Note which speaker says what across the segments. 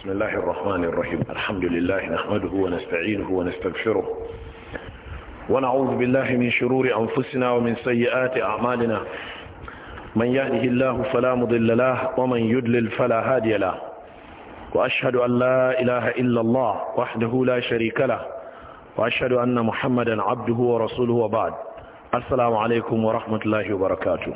Speaker 1: بسم الله الرحمن الرحيم الحمد لله نحمده ونستعينه ونستغفره ونعوذ بالله من شرور أنفسنا ومن سيئات أعمالنا من يهده الله فلا مضل له ومن يدلل فلا هادي له وأشهد أن لا إله إلا الله وحده لا شريك له وأشهد أن محمدا عبده ورسوله وبعد السلام عليكم ورحمة الله وبركاته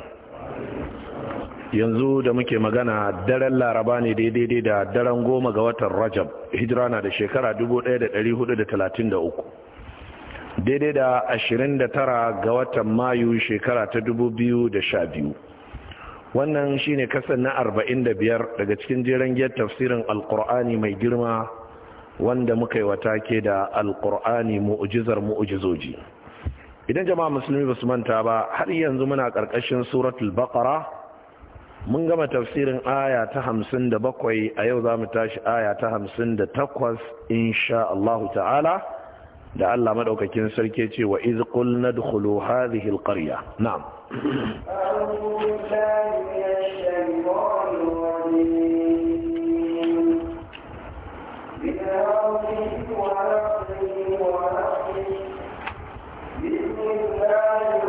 Speaker 1: yanzu da muke magana daren laraba ne daidai da daren goma ga watan rajab hijira na da shekara 1433 daidai da 29 ga watan mayu shekara ta 2012 wannan shine kasan na 45 daga cikin jiran giyar tafsirin alkur'ani mai girma wanda muka yi wata ke da alkur'ani mu'ujizar mu'ujizoji idan jama'a musulmi ba su manta ba har yanzu muna ƙarƙashin suratul baqara mun gama tafsirin aya ta hamsin da bakwai a yau za mu tashi aya ta hamsin da takwas insha Allah ta'ala da Allah maɗaukakin sarki ce wa iz qul nadkhulu hadhihi alqarya na'am
Speaker 2: بسم الله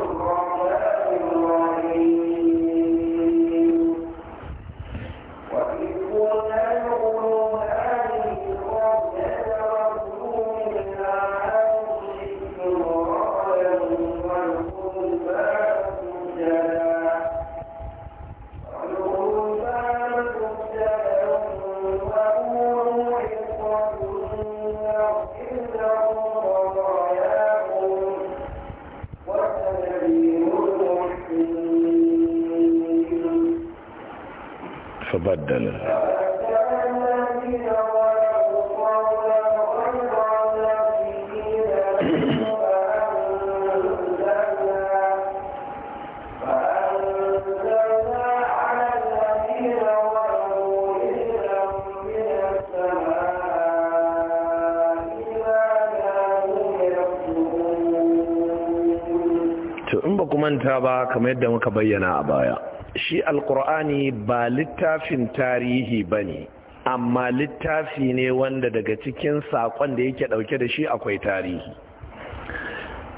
Speaker 1: baku manta ba kamar yadda muka bayyana a baya shi alkur'ani ba littafin tarihi ba ne amma littafi ne wanda daga cikin saƙon da yake ɗauke da shi akwai tarihi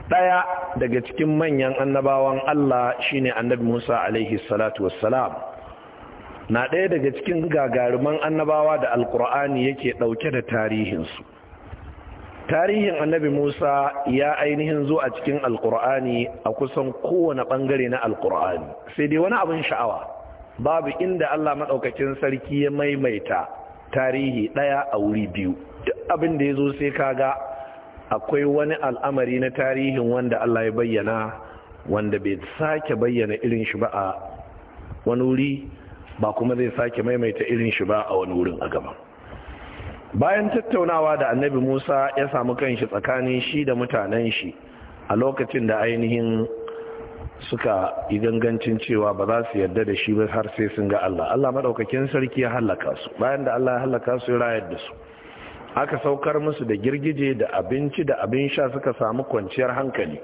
Speaker 1: ɗaya daga cikin manyan annabawan Allah shine annabi Musa alaihi salatu wassalam na ɗaya daga cikin gagaruman annabawa da alkur'ani yake ɗauke da tarihinsu tarihin annabi Musa ya ainihin zo a cikin alkur'ani a kusan kowane bangare na alkur'ani sai dai wani abin sha'awa babu inda Allah maɗaukacin sarki ya maimaita tarihi ɗaya a wuri biyu duk abin da ya zo sai ka ga. akwai wani al'amari na tarihin wanda Allah ya bayyana wanda bai sake bayyana irin shi ba a wani wuri ba kuma zai sake maimaita irin shi ba a wani wurin a gaba bayan tattaunawa da annabi musa ya samu kanshi tsakanin shi da mutanen shi a lokacin da ainihin suka idangancin cewa ba za su yarda da shi ba har sai sun ga Allah Allah maɗaukakin sarki ya hallaka su bayan da Allah ya hallaka su ya rayar da su aka saukar musu da girgije da abinci da abin sha suka samu kwanciyar hankali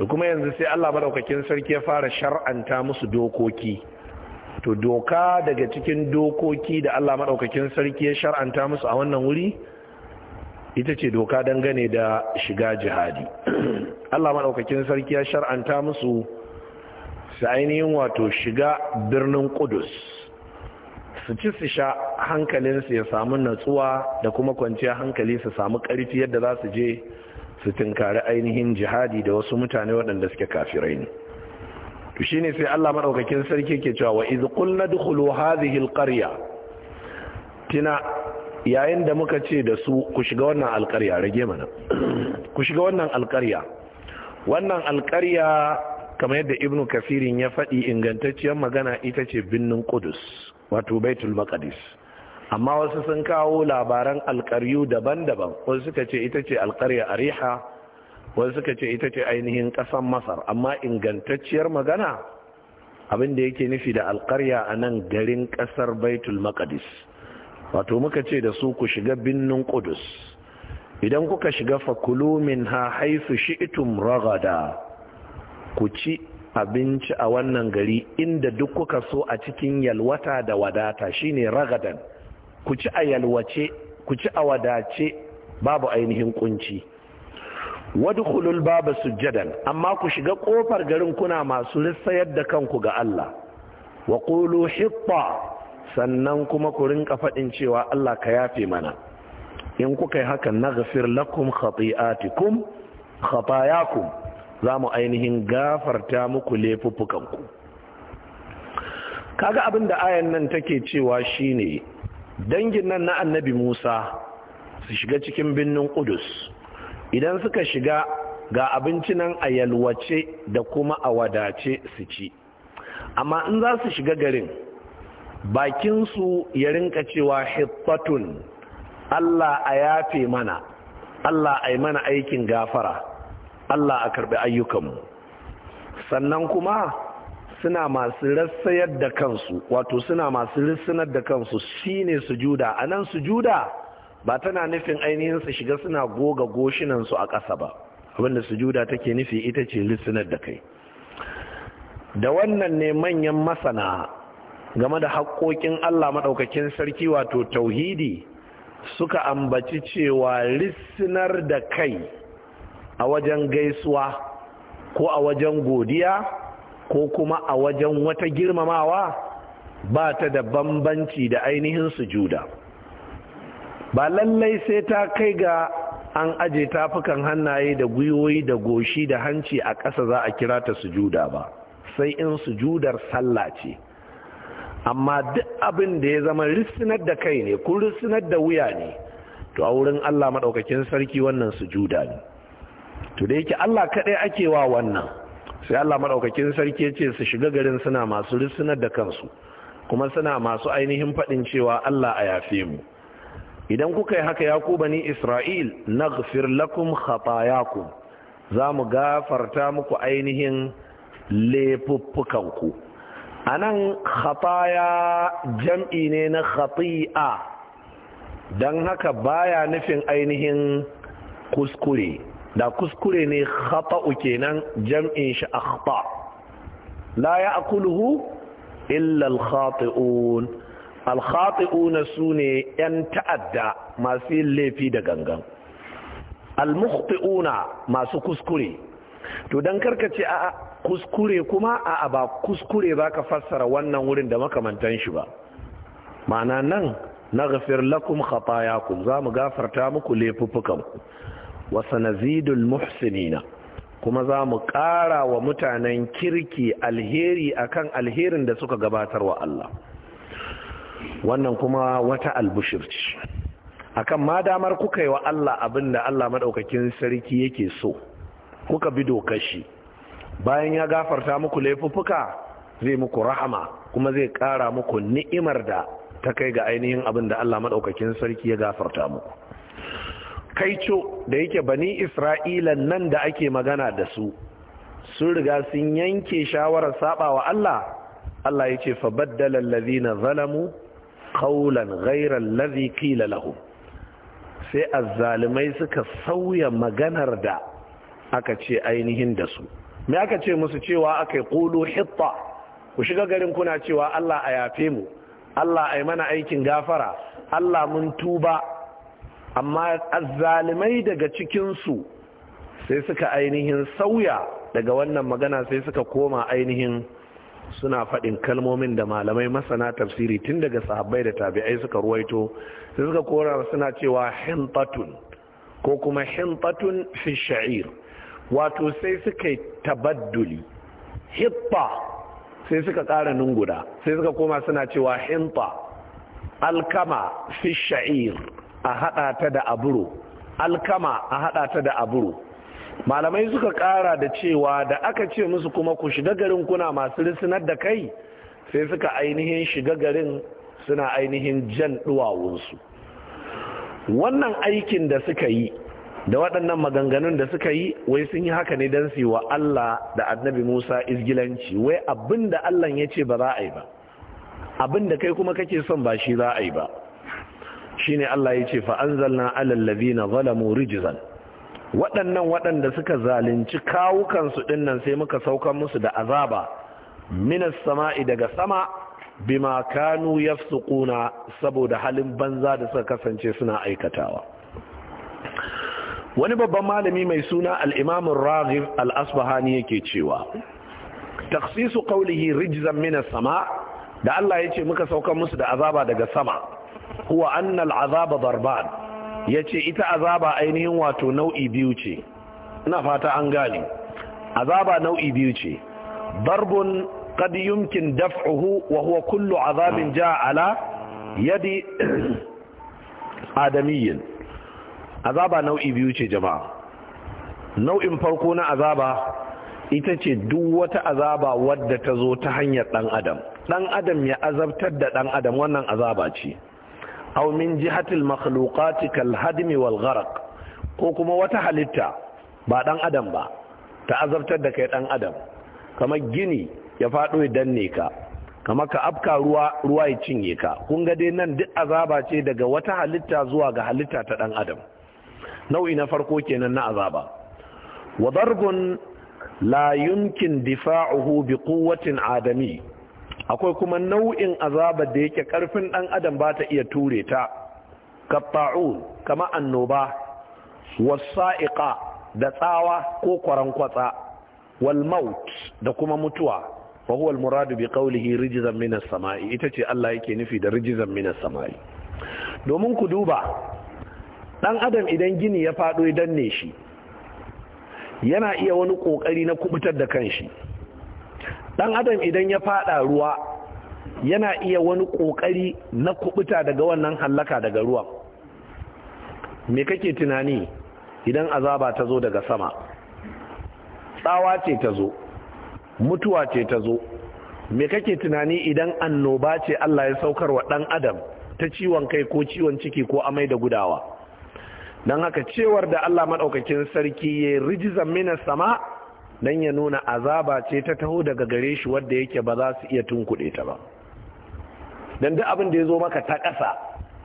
Speaker 1: da kuma yanzu sai Allah maɗaukakin sarki ya fara shar'anta musu dokoki to doka daga cikin dokoki da Allah maɗaukakin sarki ya shar'anta musu a wannan wuri ita ce doka dangane da shiga jihadi Allah maɗaukakin sarki ya shar'anta musu su ainihin wato shiga birnin kudus su ci su sha hankalinsu ya samu natsuwa da kuma kwanciya hankali su samu ƙarfi yadda za su je su tinkari ainihin jihadi da wasu mutane waɗanda suke kafirai ne to shine sai Allah madaukakin sarki ke cewa wa iz qulna dukhulu hadhihi alqarya tina yayin da muka ce da su ku shiga wannan alqarya rage mana ku shiga wannan alqarya wannan alqarya kamar yadda ibnu kafirin ya faɗi ingantacciyar magana ita ce binnin qudus wato baitul maqdis amma wasu sun kawo labaran alqaryu daban-daban wasu suka ce ita ce alƙarya ariha wasu suka ce ita ce ainihin ƙasan masar amma ingantacciyar magana abin da yake nufi da alƙarya a nan garin ƙasar baitul maqdis wato muka ce da su ku shiga binnin ƙudus idan kuka shiga fakulu min ha haifu shi'itum ragada ku ci abinci a wannan gari inda duk kuka so a cikin yalwata da wadata shine ragadan ku ci a yalwace ku ci a wadace babu ainihin kunci wadkhulul baba sujjadan amma ku shiga kofar garin kuna masu sayar da kanku ga Allah wa qulu hitta sannan kuma ku rinka faɗin cewa Allah ka yafe mana in kuka yi haka naghfir lakum khati'atikum khatayakum za mu ainihin gafarta muku laifuffukanku kaga abin da ayan nan take cewa shine dangin nan na annabi Musa su shiga cikin binnin Qudus idan suka shiga ga abinci nan a yalwace da kuma a wadace su ci amma in za su shiga garin bakinsu ya rinka cewa hipfatun Allah a yafe mana Allah a mana aikin gafara Allah a karbi ayyukanmu sannan kuma suna masu rassayar da kansu wato suna masu rissunar da kansu shine sujuda anan nan sujuda ba tana nufin ainihin su shiga suna goga goshinan su a ƙasa ba abinda sujuda take nufi ita ce lissinar da kai da wannan ne manyan masana game da haƙoƙin Allah maɗaukakin sarki wato tauhidi suka ambaci cewa lissinar da kai a wajen gaisuwa ko a wajen godiya ko kuma a wajen wata girmamawa ba ta da bambanci da ainihin sujuda ba lallai sai ta kai ga an aje tafukan hannaye da gwiwoyi da goshi da hanci a ƙasa za a kira ta sujuda ba sai in sujudar sallah ce amma duk abin da ya zama risinar da kai ne kun risinar da wuya ne to a wurin Allah maɗaukakin sarki wannan sujuda ne to da yake Allah kaɗai ake wa wannan sai Allah maɗaukakin sarki ya ce su shiga garin suna masu risinar da kansu kuma suna masu ainihin faɗin cewa Allah a yafe mu idan kuka yi haka ya bani isra'il na lakum khatayakum za mu gafarta muku ainihin laifuffukanku a nan khataya jam'i ne na khati'a don haka baya nufin ainihin kuskure da kuskure ne khata'u kenan jam'in shi akhta la ya akuluhu illal khati'un alkhati'una su ne 'yan ta'adda masu yin laifi da gangan almukhti'una masu kuskure to don karkace a kuskure kuma a ba kuskure ba ka fassara wannan wurin da makamantan shi ba ma'ana nan na gafir lakum khatayakum za mu gafarta muku laifuffukanku wasa zidul muhsinina kuma za mu ƙara wa mutanen kirki alheri akan alherin da suka gabatar wa Allah wannan kuma wata albushir ce akan ma damar kuka yi wa Allah abin da Allah maɗaukakin sarki yake so kuka bi doka shi bayan ya gafarta muku laifuffuka zai muku rahama kuma zai ƙara muku ni'imar da ta kai ga ainihin abin da Allah maɗaukakin sarki ya gafarta muku kaico da yake bani Isra'ila nan da ake magana da su sun riga sun yanke shawarar saba wa Allah Allah ya ce fa baddala allazina zalamu qawlan ghayra alladhi qila lahum sai azzalimai suka sauya maganar da aka ce ainihin da su me aka ce musu cewa aka qulu hitta ku shiga garin kuna cewa Allah a yafe mu Allah ai mana aikin gafara Allah mun tuba amma azzalimai daga cikinsu sai suka ainihin sauya daga wannan magana sai suka koma ainihin suna faɗin kalmomin da malamai masana tafsiri tun daga sahabbai da tabi'ai suka ruwaito sai suka kora suna cewa hintatun ko kuma hintatun fi sha'ir wato sai suka yi tabadduli hippa sai suka ƙara guda sai suka koma suna cewa hinta alkama fi sha'ir a haɗa da alkama a ta da aburo malamai suka kara da cewa da aka ce musu kuma ku shiga garin kuna masu risinar da kai sai suka ainihin shiga garin suna ainihin jan duwawunsu wannan aikin da suka yi da waɗannan maganganun da suka yi wai sun yi haka ne don wa Allah da annabi Musa izgilanci wai abin da Allah ya ce ba za a yi ba abin da kai kuma kake son ba shi za a yi ba ne Allah ya ce fa’an anzalna alallabi na zalamu rijizan waɗannan waɗanda suka zalunci kawukansu ɗinnan sai muka saukan musu da azaba minas sama'i daga sama bima kanu yafsuquna saboda halin banza da suka kasance suna aikatawa wani babban malami mai suna al-imam ar-raghib al yake cewa takhsisu qawlihi rijzan min sama da Allah ya ce muka sauka musu da azaba daga sama huwa annal al-azaba ya ce ita azaba ainihin wato nau'i biyu ce ina fata an gane azaba nau'i biyu ce barbun kadi yumkin daf'uhu wa huwa kullu azabin ja ala yadi adamiyyin azaba nau'i biyu ce jama'a nau'in farko na azaba ita ce duk wata azaba wadda ta zo ta hanyar dan adam dan adam ya azabtar da dan adam wannan azaba ce aw min jihatil makhluqati kal hadmi wal gharq ko kuma wata halitta ba dan adam ba ta azabtar da kai dan adam kamar gini ya fado ya danne ka kamar ka afka ruwa ruwa ya cinye ka kun ga dai nan duk azaba ce daga wata halitta zuwa ga halitta ta dan adam nau'i na farko kenan na azaba wa darbun la yumkin difa'uhu bi quwwatin adami akwai kuma nau'in azabar da yake karfin ɗan adam ba ta iya ture ta katta'un kama annoba wasa'iqa da tsawa ko kwarankwatsa wal maut da kuma mutuwa fa huwa al muradu bi qawlihi rijzan min samai ita ce Allah yake nufi da rijzan min samai domin ku duba dan adam idan gini ya fado idan ne shi yana iya wani kokari na kubutar da kanshi Ɗan adam idan ya fada ruwa yana iya wani kokari na kubuta daga wannan hallaka daga ruwan me kake tunani idan azaba ta zo daga sama tsawa ce ta zo mutuwa ce ta zo me kake tunani idan annoba ce Allah ya saukar wa ɗan adam ta ciwon kai ko ciwon ciki ko amai da gudawa don haka cewar da Allah maɗaukakin sarki ya rijizan mina sama don ya nuna azaba ce ta taho daga gare shi wadda yake ba za su iya tunkuɗe ta ba don duk abin da ya zo maka ta ƙasa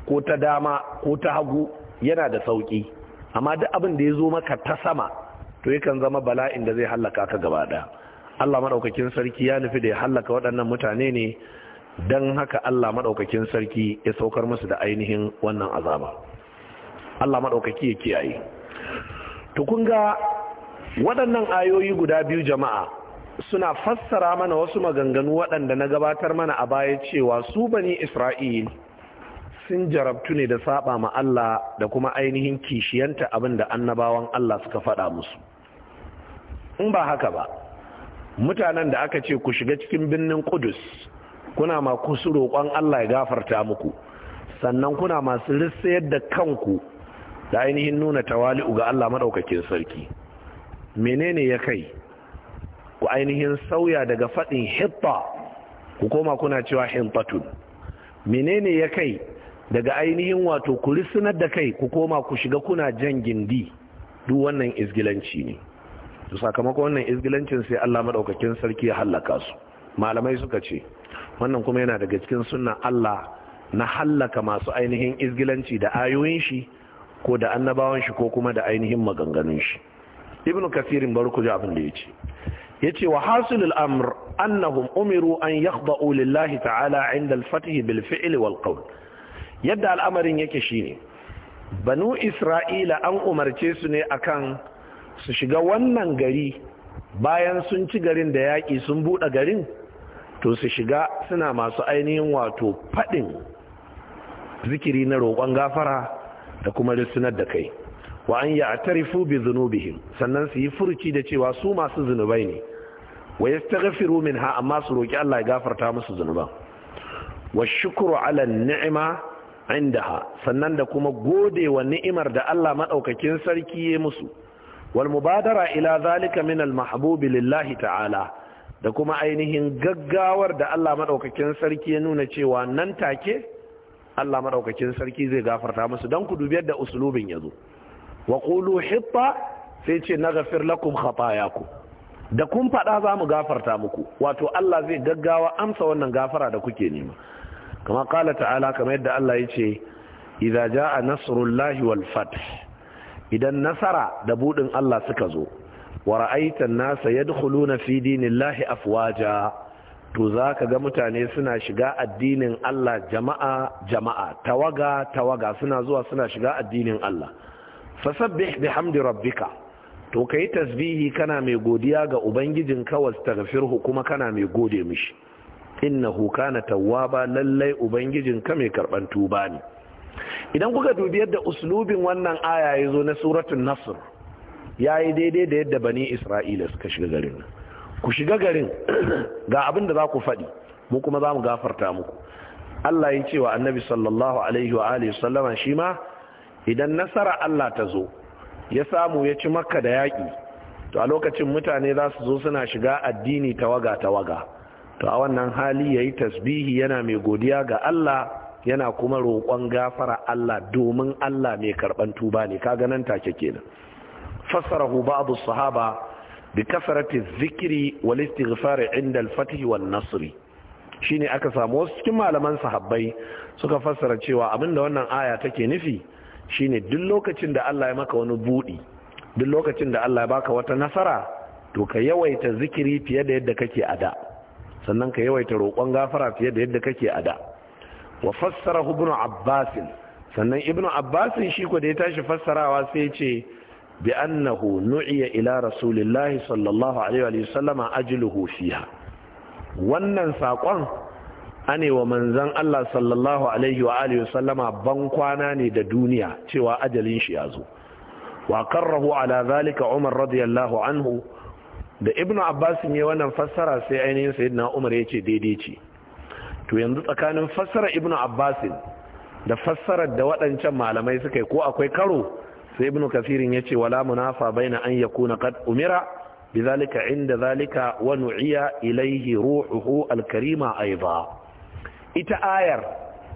Speaker 1: ko ta dama ko ta hagu yana da sauƙi amma duk abin da ya zo maka ta sama to yakan zama bala'in da zai hallaka ka gaba ɗaya Allah maɗaukakin sarki ya nufi da ya hallaka waɗannan mutane ne don haka Allah maɗaukakin sarki ya saukar musu da ainihin wannan azaba Allah maɗaukaki ya kiyaye to waɗannan ayoyi guda biyu jama'a suna fassara mana wasu maganganu waɗanda na gabatar mana a baya cewa su bani isra'il sun jarabtu ne da saba ma Allah da kuma ainihin kishiyanta abin da annabawan Allah suka faɗa musu in ba haka ba mutanen da aka ce ku shiga cikin birnin kudus kuna ma kusu roƙon Allah ya gafarta muku sannan kuna masu rissayar da kanku da ainihin nuna tawali'u ga Allah maɗaukakin sarki menene ya kai ku ainihin sauya daga faɗin hitta ku koma kuna cewa hintatun menene ya kai daga ainihin wato ku risinar da kai ku koma ku shiga kuna jan gindi duk wannan izgilanci ne to sakamakon wannan izgilancin sai Allah maɗaukakin sarki ya hallaka su malamai suka ce wannan kuma yana daga cikin sunan Allah na hallaka masu ainihin izgilanci da ayoyin shi ko da annabawan shi ko kuma da ainihin maganganun shi ibn kasirin bari ku ji abin da ya ce ya ce wa hasilul amr annahum umiru an yakhda'u lillahi ta'ala inda al-fath bil fi'l wal qawl yadda al'amarin yake shine banu isra'ila an umarce su ne akan su shiga wannan gari bayan sun ci garin da yaƙi sun buɗe garin to su shiga suna masu ainihin wato faɗin zikiri na roƙon gafara da kuma rissunar da kai wa an ya'tarifu bi dhunubihim sannan su yi furuci da cewa su masu zunubai ne wa min ha amma su roki Allah ya gafarta musu zunuba wa shukuru ala ni'ima indaha sannan da kuma gode wa ni'imar da Allah madaukakin sarki ya musu wal mubadara ila zalika min al mahbubi lillahi ta'ala da kuma ainihin gaggawar da Allah madaukakin sarki ya nuna cewa nan take Allah madaukakin sarki zai gafarta musu dan ku dubi yadda ya zo wa qulu hitta sai ce na gafir lakum ku, da kun faɗa za mu gafarta muku wato Allah zai gaggawa amsa wannan gafara da kuke nema kama kala ta'ala kama yadda Allah ya ce a jaa nasrullahi wal fath idan nasara da budin Allah suka zo wa ra'aita an-nasa yadkhuluna fi dinillahi afwaja to zaka ga mutane suna shiga addinin Allah jama'a jama'a tawaga tawaga suna zuwa suna shiga addinin Allah fasabbih bihamdi rabbika to kai tasbihi kana mai godiya ga ubangijin kawas kuma kana mai gode mishi innahu kana tawwaba lallai ubangijin ka mai karban tuba ne idan kuka dubi yadda uslubin wannan aya yazo na suratul nasr yayi daidai da yadda bani isra'ila suka shiga garin ku shiga garin ga abin da za ku faɗi mu kuma zamu gafarta muku Allah ya ce wa annabi sallallahu alaihi wa alihi sallama shi ma idan nasara Allah ta zo ya samu ya ci makka da yaƙi to a lokacin mutane za su zo suna shiga addini tawaga-tawaga to a wannan hali ya yi tasbihi yana mai godiya ga Allah yana kuma roƙon gafara Allah domin Allah mai karɓan tuba ne kaga ganin take kenan fassarahu ba'd as-sahaba bi kasrati zikiri wal istighfar inda al-fath wal nasr shine aka samu wasu cikin malaman sahabbai suka fassara cewa abinda wannan aya take nufi shine duk lokacin da Allah ya maka wani buɗi duk lokacin da Allah ya baka wata nasara to ka yawaita zikiri fiye da yadda kake a sannan ka yawaita roƙon gafara fiye da yadda kake a da wa fassara ibn abbas sannan Ibnu abbas shi ko da ya tashi fassarawa sai ce bi annahu nu'iya ila rasulillahi sallallahu alaihi wa sallama ajluhu fiha wannan saƙon ane wa manzan Allah sallallahu alaihi wa ban kwana ne da duniya cewa ajalin shi ya zo wa karrahu ala zalika Umar radiyallahu anhu da Ibn Abbas ne wannan fassara sai ainihin sayyidina Umar yace daidai ce to yanzu tsakanin fassara Ibn Abbas da fassarar da waɗancan malamai suka yi ko akwai karo sai Ibn Kasirin ce wala munafa baina an yakuna qad umira bizalika inda zalika wa nu'iya ilayhi ruhuhu alkarima aidan ita ayar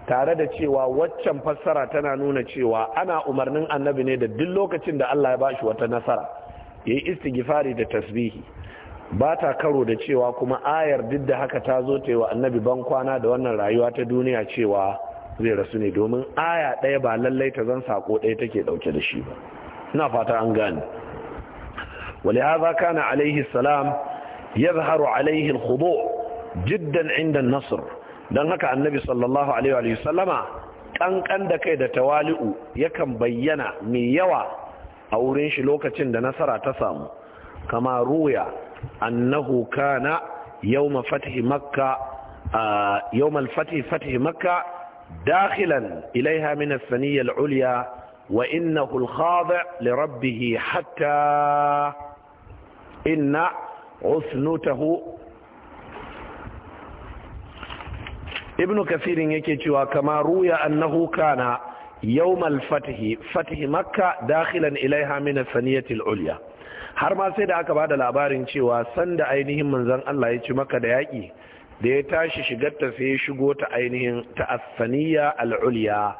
Speaker 1: tare da cewa waccan fassara tana nuna cewa ana umarnin annabi ne da duk lokacin da Allah ya ba shi wata nasara yayi istighfari da tasbihi ba ta karo da cewa kuma ayar duk da haka ta zo wa annabi ban kwana da wannan rayuwa ta duniya cewa zai rasu ne domin aya ɗaya ba lallai ta zan sako ɗaya take ɗauke da shi ba ina fata an gane ولهذا kana عليه salam يظهر عليه alkhudu jiddan inda nasr don haka annabi sallallahu alaihi wa sallama kankan da kai da tawali'u yakan bayyana mai yawa a wurin shi lokacin da nasara ta samu kama ruya annahu kana yawma fathi makka yawma al-fathi fathi makka dakhilan ilaiha min as-saniyya al-ulya wa innahu al-khadi' li rabbihi hatta inna usnutahu ibnu kasirin yake cewa kama ruya annahu kana yawmal fatihi fatihi makka dakhilan ilaiha min as ulya har ma sai da aka bada labarin cewa sanda ainihin manzon Allah ya ci maka da yaki da ya tashi shigarta sai ya shigo ta ainihin ta as-saniya al-ulya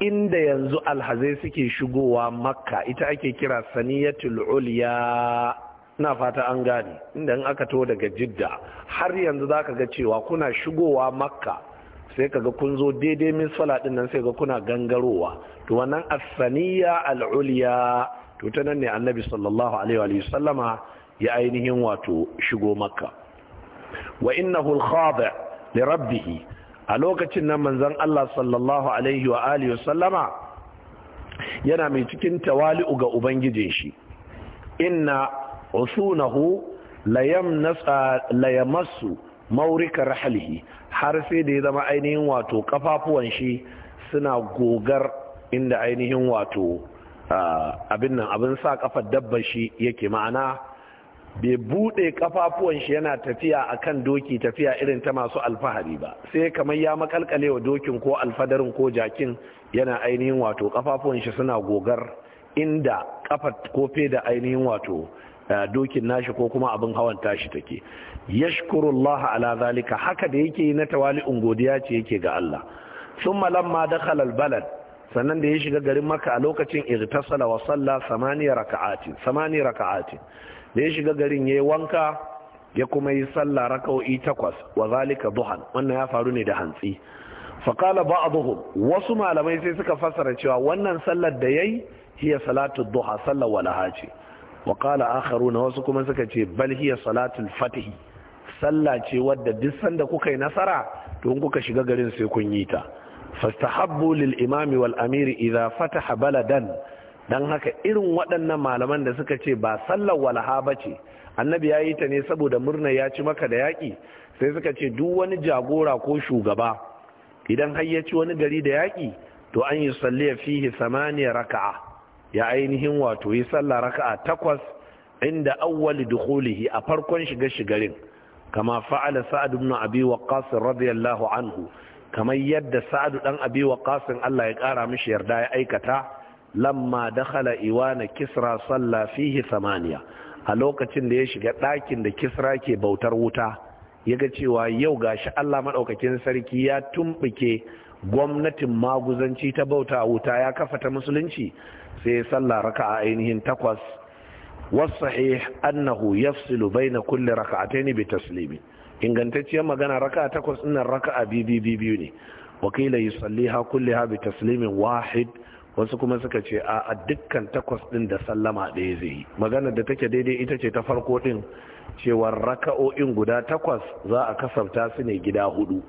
Speaker 1: inda yanzu alhazai suke shigowa makka ita ake kira saniyatul ulya na fata an gane inda in aka to daga jidda har yanzu za ka ga cewa kuna shigowa makka sai ka ga kun zo daidai misfala din nan sai ga kuna gangarowa to wannan asaniya al'uliya to ta nan ne annabi sallallahu alaihi wa sallama ya ainihin wato shigo makka wa innahu al-khadi li rabbih a lokacin nan manzon Allah sallallahu alaihi wa alihi sallama yana mai cikin tawali'u ga ubangijin shi inna usunahu layamassu maurika halhi, har sai da ya zama ainihin wato kafafuwan shi suna gogar inda ainihin wato abin nan abin sa kafar dabba shi yake ma'ana bai bude kafafuwan shi yana tafiya akan doki tafiya irin ta masu alfahari ba sai kamar ya makalkale wa dokin ko alfadarin ko jakin yana ainihin wato kafafuwan shi suna gogar inda kafar ko da ainihin wato dokin nashi ko kuma abin hawan tashi take yashkurullah ala zalika haka da yake na tawali'un godiya ce yake ga Allah thumma ma dakhala balad sannan da ya shiga garin maka a lokacin irtasala wa salla samaniya raka'atin samani raka'atin da ya shiga garin yayi wanka ya kuma yi salla raka'o'i takwas wa zalika duhan wannan ya faru ne da hantsi fa qala ba'dhum wasu malamai sai suka fassara cewa wannan sallar da yayi hiya salatu duha sallar walaha ce wa qala na wasu kuma suka ce bal hiya salatul fatih sallah ce wadda duk sanda kuka yi nasara to in kuka shiga garin sai kun yi ta fastahabbu lil imami wal amiri idza fataha baladan dan haka irin waɗannan malaman da suka ce ba sallar walha ba ce annabi ya yi ta ne saboda murna ya ci maka da yaƙi sai suka ce duk wani jagora ko shugaba idan har ya ci wani gari da yaƙi to an yi salliya fihi samaniya raka'a ya ainihin wato yi sallah raka'a takwas inda awwali dukhulihi a farkon shiga shigarin kama fa'ala sa'ad ibn abi waqqas radiyallahu anhu kamar yadda sa'ad dan abi waqqas Allah ya kara mishi yarda ya aikata lamma dakhala iwana kisra salla fihi thamaniya a lokacin da ya shiga ɗakin da kisra ke bautar wuta ya ga cewa yau gashi Allah madaukakin sarki ya tumbuke gwamnatin maguzanci ta bauta wuta ya kafa ta musulunci sai sallah raka'a ainihin takwas wasahih annahu yafsilu baina kulli raka'ataini bi taslimi ingantacciyar magana raka'a takwas dinnan raka'a biyu biyu ne wakila yusalliha kulliha bi taslimin wahid wasu kuma suka ce a dukkan takwas din da sallama ɗaya zai yi magana da take daidai ita ce ta farko din cewa raka'o'in guda takwas za a kasafta su ne gida hudu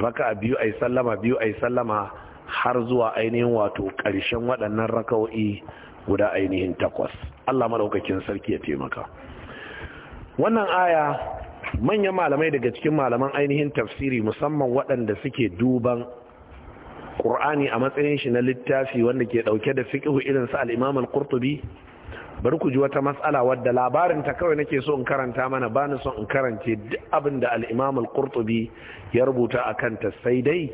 Speaker 1: raka'a biyu ai sallama biyu ai sallama har zuwa ainihin wato ƙarshen waɗannan raka'o'i guda ainihin takwas Allah maɗaukakin sarki ya taimaka wannan aya manyan malamai daga cikin malaman ainihin tafsiri musamman waɗanda suke duban ƙur'ani a matsayin shi na littafi wanda ke ɗauke da fiƙihu irinsu al'imam al-kurtubi bar ku ji wata matsala wadda labarin ta kawai nake so in karanta mana ba ni son in karance duk abin da alimamul al ya rubuta a kanta sai dai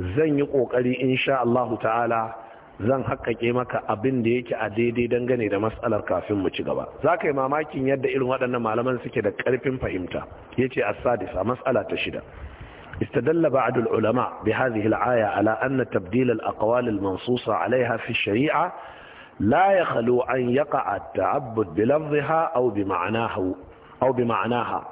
Speaker 1: zan yi ƙoƙari insha Allah ta'ala zan haƙaƙe maka abin da yake a daidai dangane da matsalar kafin mu ci gaba za ka yi mamakin yadda irin waɗannan malaman suke da ƙarfin fahimta ya ce asadisa matsala ta shida istadalla ba'ad al-ulama bi hadhihi al-aya ala anna tabdil al-aqwal al-mansusa 'alayha fi shari'a la yakhlu an yaqa'a at-ta'abbud bi lafdhiha bi ma'naha aw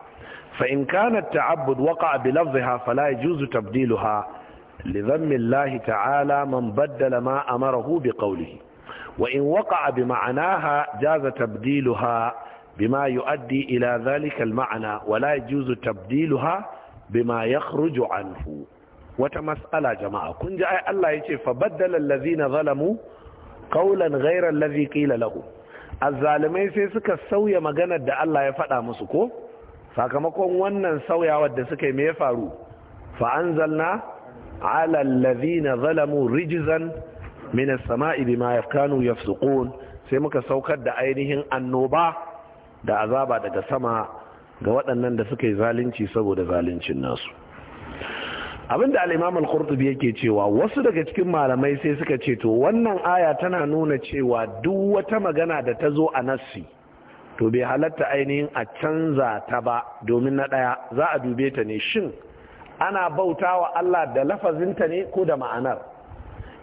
Speaker 1: fa in kana at-ta'abbud waqa'a bi lafdhiha fala yajuzu tabdiluha لذم الله تعالى من بدل ما أمره بقوله وإن وقع بمعناها جاز تبديلها بما يؤدي إلى ذلك المعنى ولا يجوز تبديلها بما يخرج عنه وتمسألة جماعة كن جاء الله يشير فبدل الذين ظلموا قولا غير الذي قيل له الظالمين سيسك السوية مغانا دا الله يفتح مسكو فكما wannan ونن سوية suka ميفارو فأنزلنا ala allazina zalamu rijizan min as-sama'i bima yakanu sai muka saukar da ainihin annoba da azaba daga sama ga waɗannan da suka yi zalunci saboda zaluncin nasu abinda al-imam al-qurtubi yake cewa wasu daga cikin malamai sai suka ce to wannan aya tana nuna cewa duk wata magana da ta zo a nassi to bai halatta ainihin a canza ta ba domin na ɗaya za a dube ta ne shin ana bauta wa Allah da lafazinta ne ko da ma'anar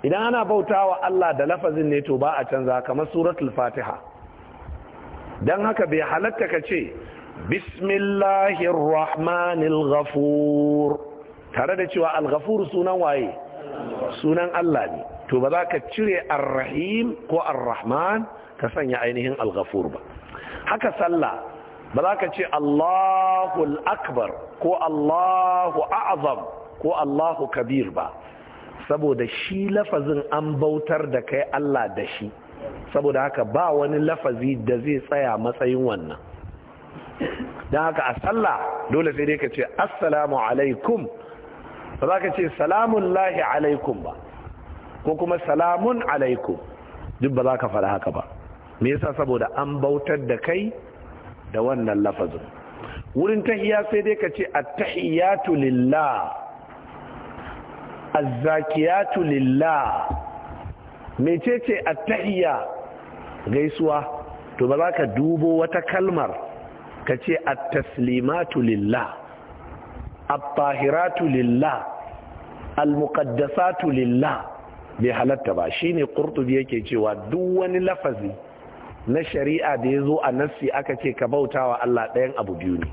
Speaker 1: idan ana bauta wa Allah da lafazin ne to ba a canza kamar suratul fatiha don haka bai halatta ka ce bismillahir tare da cewa al sunan waye sunan Allah ne to ba za ka cire arrahim ko arrahman ka sanya ainihin al ba haka sallah ba za ka ce Allahu akbar ko Allahu a'azam ko Allahu kabir ba saboda shi lafazin an bautar da kai Allah da shi saboda haka ba wani lafazi da zai tsaya matsayin wannan don haka a dole sai dai ka ce assalamu alaikum ba za ka ce salamun lahi alaikum ba ko kuma salamun alaikum duk ba za ka faɗa haka ba me yasa saboda an bautar da kai da wannan lafazin wurin tahiya sai dai ka ce attahiyatu lillah azzakiyatu lillah mecece attahiya gaisuwa to ba za ka dubo wata kalmar ka ce attaslimatu lillah attahiratu lillah almuqaddasatu lillah bai halatta ba shine qurtubi yake cewa duk wani lafazi na shari'a da ya zo a nassi aka ce ka bauta wa Allah ɗayan abu biyu ne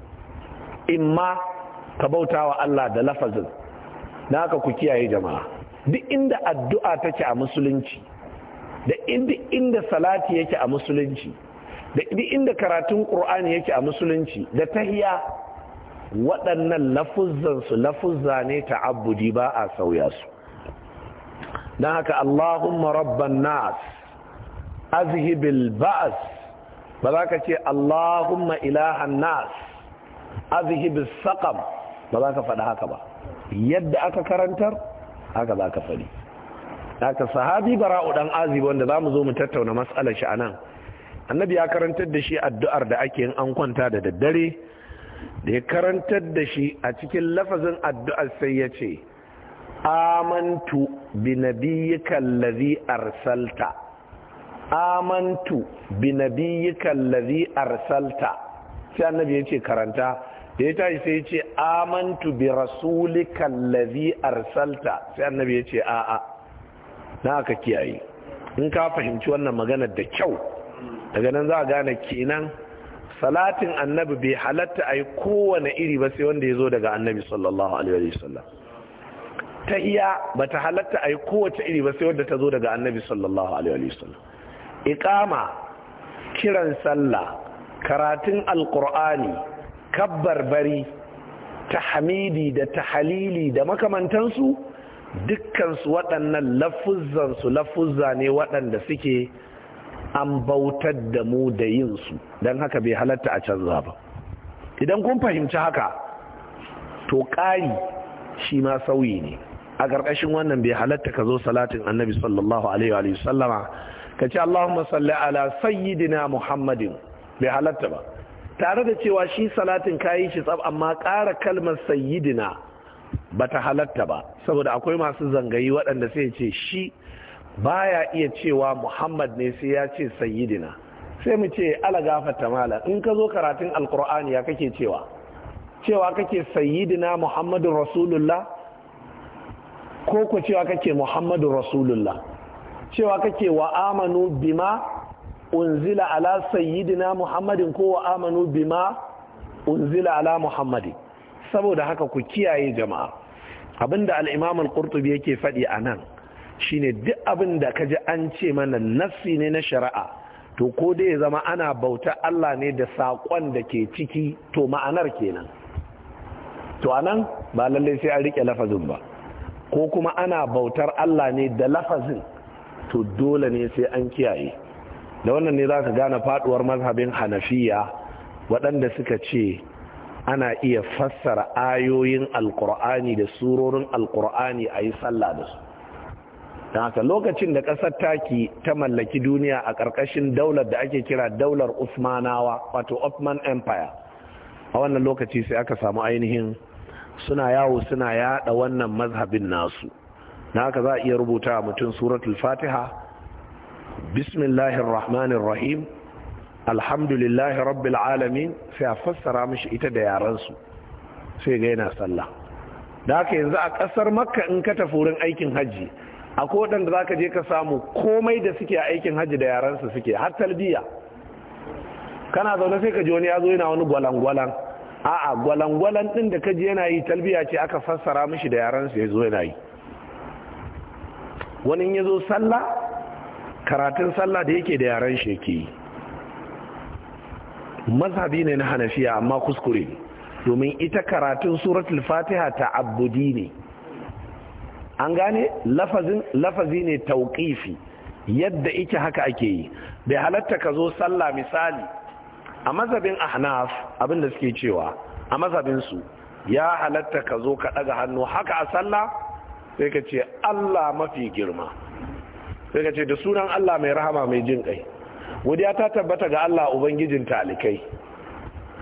Speaker 1: In ma ka bauta wa Allah da lafazin na aka ku kiyaye jama'a duk inda addu'a take a musulunci da inda salati yake a musulunci da inda karatun ƙur'ani yake a musulunci da tahiya waɗannan su lafuzza ne ta'abbudi ba a sauya su don haka allahumma rabban nas azhibil ba'as ba za ka ce Allahumma ilahan nas azhibil saqam ba za ka faɗi haka ba yadda aka karantar haka za ka faɗi haka sahabi bara'u dan azib wanda za mu zo mu tattauna matsalar shi anan annabi ya karantar da shi addu'ar da ake yin an kwanta da daddare da ya karantar da shi a cikin lafazin addu'ar sai ya ce amantu bi nabiyyika allazi arsalta amantu bi nabiyyika allazi arsalta sai annabi ya ce karanta da ya tashi sai ya ce amantu bi rasulika allazi arsalta sai annabi ya ce a'a na ka kiyaye in ka fahimci wannan maganar da kyau daga nan za a gane kenan salatin annabi bai halatta a yi kowane iri ba sai wanda ya zo daga annabi sallallahu alaihi wasallam ta iya ba ta halatta a yi kowace iri ba sai wadda ta zo daga annabi sallallahu alaihi wasallam iqama kiran sallah karatun alqur'ani kabbarbari tahmidi da tahalili da makamantansu dukkansu waɗannan lafuzzansu lafuzza ne waɗanda suke an bautar da mu da yinsu don haka bai halatta a canza ba idan kun fahimci haka to ƙari shi ma sauyi ne a ƙarƙashin wannan bai halatta ka zo salatin annabi sallallahu alaihi wa sallama ka ce Allahumma salli ala sayyidina Muhammadin bai halatta ba tare da cewa shi salatin kayi shi tsab amma ƙara kalmar sayyidina bata ta halatta ba saboda akwai masu zangayi waɗanda sai ce shi baya iya cewa Muhammad ne sai ya ce sayyidina sai mu ce ala gafarta mala in ka zo karatun alkur'ani ya kake cewa cewa kake sayyidina Muhammadun Rasulullah ko ku cewa kake Muhammadun Rasulullah cewa kake wa amanu bima unzila ala sayyidina muhammadin ko wa amanu bima unzila ala muhammadin saboda haka ku kiyaye jama'a abinda al-imam al-qurtubi yake faɗi anan shine duk abinda da ka ji an ce mana nafsi ne na shari'a to ko dai zama ana bauta Allah ne da saƙon da ke ciki to ma'anar kenan to anan ba lallai sai an rike lafazin ba ko kuma ana bautar Allah ne da lafazin to dole ne sai an kiyaye da wannan ne za ka gane faduwar mazhabin hanafiya waɗanda suka ce ana iya fassara ayoyin alkur'ani da surorin alkur'ani a yi sallah da su don haka lokacin da ƙasar taki ta mallaki duniya a ƙarƙashin daular da ake kira daular usmanawa wato ottoman empire a wannan lokaci sai aka samu ainihin suna yawo suna yada wannan mazhabin nasu na haka za a iya rubuta mutum suratul fatiha bismillahir rahmanir rahim alhamdulillahi rabbil alamin sai a fassara mishi ita da yaransu sai ga yana sallah da haka yanzu a kasar makka in ka tafi wurin aikin hajji akwai waɗanda za ka je ka samu komai da suke a aikin hajji da yaransu suke har talbiya kana zaune sai ka ji wani ya zo yana wani gwalangwalan a'a gwalangwalan din da ka ji yana yi talbiya ce aka fassara mishi da yaransu yazo zo yana yi wani ya zo sallah karatun sallah da yake da yaren sheke mazhabi ne na hanafiya amma kuskure domin ita karatun suratul fatiha ta abudi ne an gane lafazi ne tauƙifi yadda ike haka ake yi bai halatta ka zo sallah misali a mazhabin ahnaf abinda suke cewa a mazhabinsu ya halatta ka zo ka ɗaga hannu haka a sallah sai ka ce Allah mafi girma sai ka ce da sunan Allah mai rahama mai jin kai godiya ta tabbata ga Allah ubangijin talikai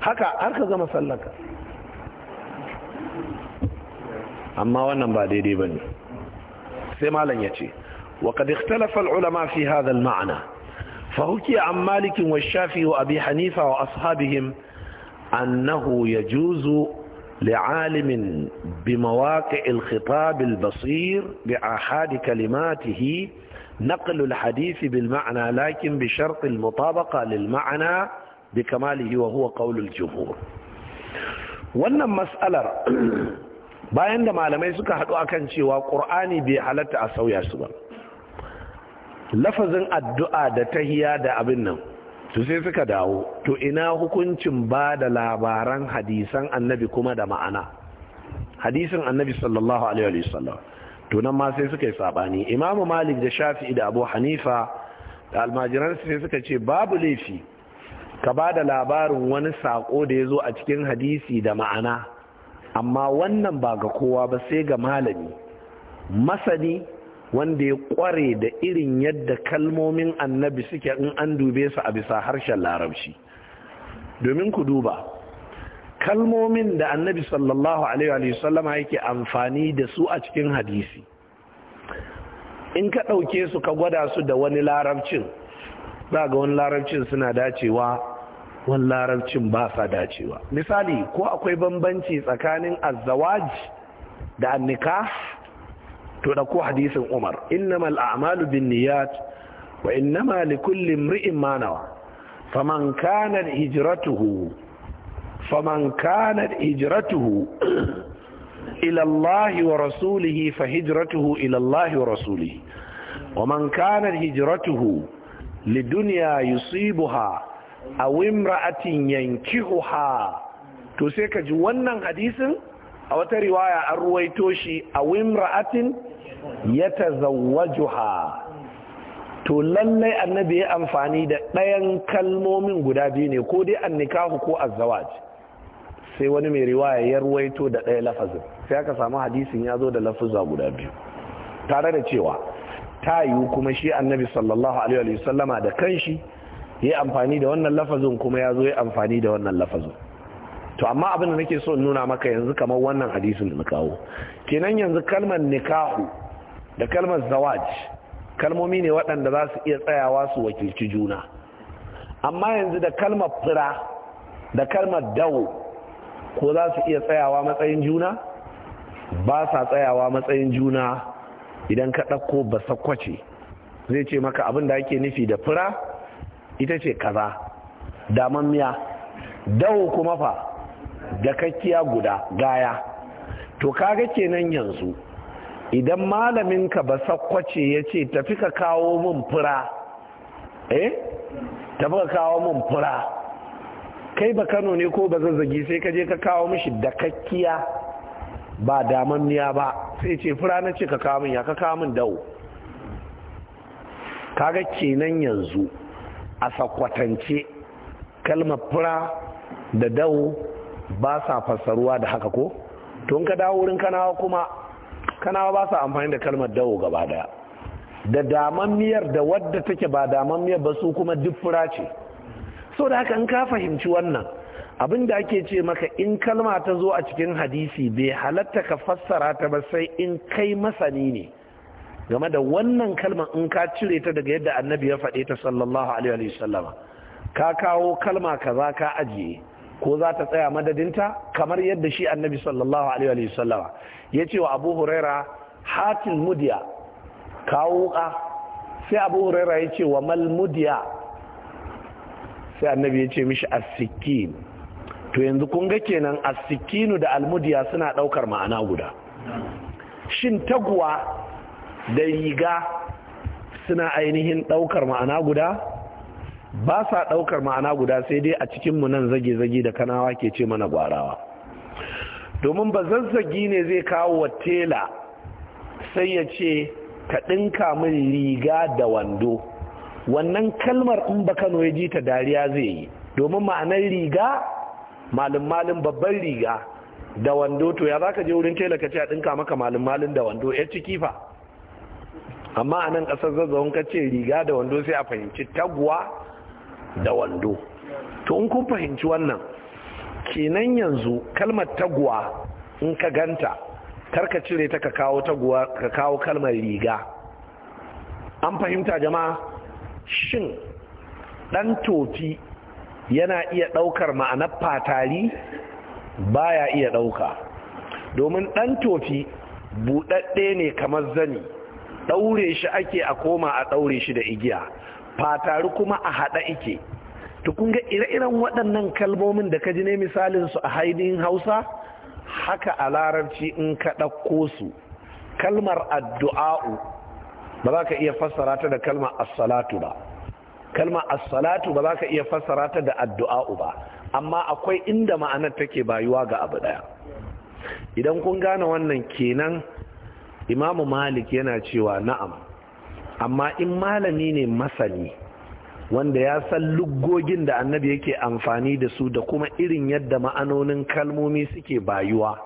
Speaker 1: haka har ka gama sallaka amma wannan ba daidai bane sai malam yace wa qad ikhtalafa al-ulama fi hadha al-ma'na fa hukiya an malikin wa shafi wa abi hanifa wa ashabihim annahu yajuzu لعالم بمواقع الخطاب البصير بآحاد كلماته نقل الحديث بالمعنى لكن بشرط المطابقة للمعنى بكماله وهو قول الجمهور وانما م س أ لم يسكا حدوى كان شيء وقراني بحالته اسوي اسوى لفظ الدعاء تهيا د ابنه to sai suka dawo to ina hukuncin ba da labaran hadisan annabi kuma da ma'ana hadisin annabi sallallahu alaihi sallam to nan ma sai suka yi sabani imamu malik da shafi'i da abu hanifa da almajiran sai suka ce babu laifi ka ba da labarin wani sako da ya zo a cikin hadisi da ma'ana amma wannan ba ga kowa ba sai ga malami masani wanda ya kware da irin yadda kalmomin annabi suke in an dube su a bisa harshen larabci domin ku duba kalmomin da annabi sallallahu alaihi wasallama yake amfani da su a cikin hadisi in ka ɗauke su ka gwada su da wani larabcin za ga wani larabcin suna dacewa wani larabcin ba sa dacewa misali ko akwai bambanci tsakanin azawaj da Annika. to ɗauko hadisin Umar innamal a'malu binniyat wa innama likulli imri'in ma nawa faman kanat hijratuhu faman kanat hijratuhu ila Allah wa rasulihi fa hijratuhu ila Allah wa rasulihi ومن كانت هجرته لدنيا يصيبها أو امرأة ينكحها to sai ka ji wannan hadisin a wata riwaya an ruwaito shi a wimra'atin ya ta tazawwajuha to lallai annabi ya amfani da ɗayan kalmomin guda biyu ne ko dai an nikahu ko azzawaj sai wani mai riwaya ya ruwaito da ɗaya lafazin sai aka samu hadisin ya zo da lafuza guda biyu tare da cewa ta yiwu kuma shi annabi sallallahu alaihi wasallama da kanshi ya amfani da wannan lafazin kuma ya zo ya amfani da wannan lafazin to amma abin da nake so nuna maka yanzu kamar wannan hadisin da na kawo kenan yanzu kalmar nikahu da kalmar zawaj kalmomi ne waɗanda za su iya tsayawa su wakilci juna amma yanzu da kalmar fira da kalmar dawo ko za su iya tsayawa matsayin juna ba sa tsayawa matsayin juna idan ka ɗauko ba sakwace zai ce maka abin da ake nufi da fura ita ce kaza miya dawo kuma fa da kakkiya guda gaya to kaga kenan yanzu idan malaminka ba sakwace ya ce tafi ka kawo mun fura eh tafi ka kawo mun fura kai ba kano ne ko ba zazzagi sai ka je ka kawo mishi dakakkiya ba damammiya ba sai ce fura na ce ka kawo min ya ka kawo min dawo kaga kenan yanzu a sakwatance kalmar fura da dawo ba sa fassaruwa da haka ko tun ka dawo wurin kanawa kuma kanawa ba su amfani da kalmar dawo gaba daya da daman miyar da wadda take ba daman miyar ba su kuma duk fura ce so da haka in ka fahimci wannan abin da ake ce maka in kalma ta zo a cikin hadisi bai halatta ka fassara ta ba sai in kai masani ne game da wannan kalmar in ka cire ta daga yadda annabi ya faɗe ta sallallahu alaihi wasallama ka kawo kalma kaza ka ajiye ko za ta tsaya madadinta kamar yadda shi annabi sallallahu alaihi wasallama ya ce wa abu huraira hatin mudiya kawo wuka sai abu huraira ya ce wa mal mudiya sai annabi ya ce mishi asikin to yanzu kun ga kenan asikinu da almudiya suna daukar ma'ana guda shin taguwa da riga suna ainihin daukar ma'ana guda ba sa ɗaukar ma'ana guda sai dai a cikinmu nan zage-zage da kanawa ke ce mana gwarawa domin ba zazzagi ne zai kawo wa tela sai ya ce ka ɗinka min riga da wando wannan kalmar in ba kano ya ji ta dariya zai yi domin ma'anar riga malin-malin babban riga da wando to ya za ka je wurin tela ka ce a ɗinka maka malin-malin da wando ya ciki fa amma a nan ƙasar zazzawon ka ce riga da wando sai a fahimci taguwa da wando to in kun fahimci wannan kenan yanzu kalmar taguwa in ka ganta karka cire ta ka kawo taguwa ka kawo kalmar riga an fahimta jama'a shin dan tofi yana iya daukar ma'anar fatari baya iya dauka domin dan tofi budadde ne kamar zani daure shi ake a koma a daure shi da igiya fatari kuma a hada ike to kun ga ire-iren waɗannan kalmomin da ka ji ne misalin su a haidin hausa haka a larabci in ka ɗauko su kalmar addu'a'u ba za ka iya fassara ta da kalmar assalatu ba kalmar assalatu ba za ka iya fassara ta da addu'a'u ba amma akwai inda ma'anar take bayuwa ga abu ɗaya idan kun gane wannan kenan imamu malik yana cewa na'am amma in malami ne masani wanda ya san luggogin da annabi yake amfani da su da kuma irin yadda ma'anonin kalmomi suke bayuwa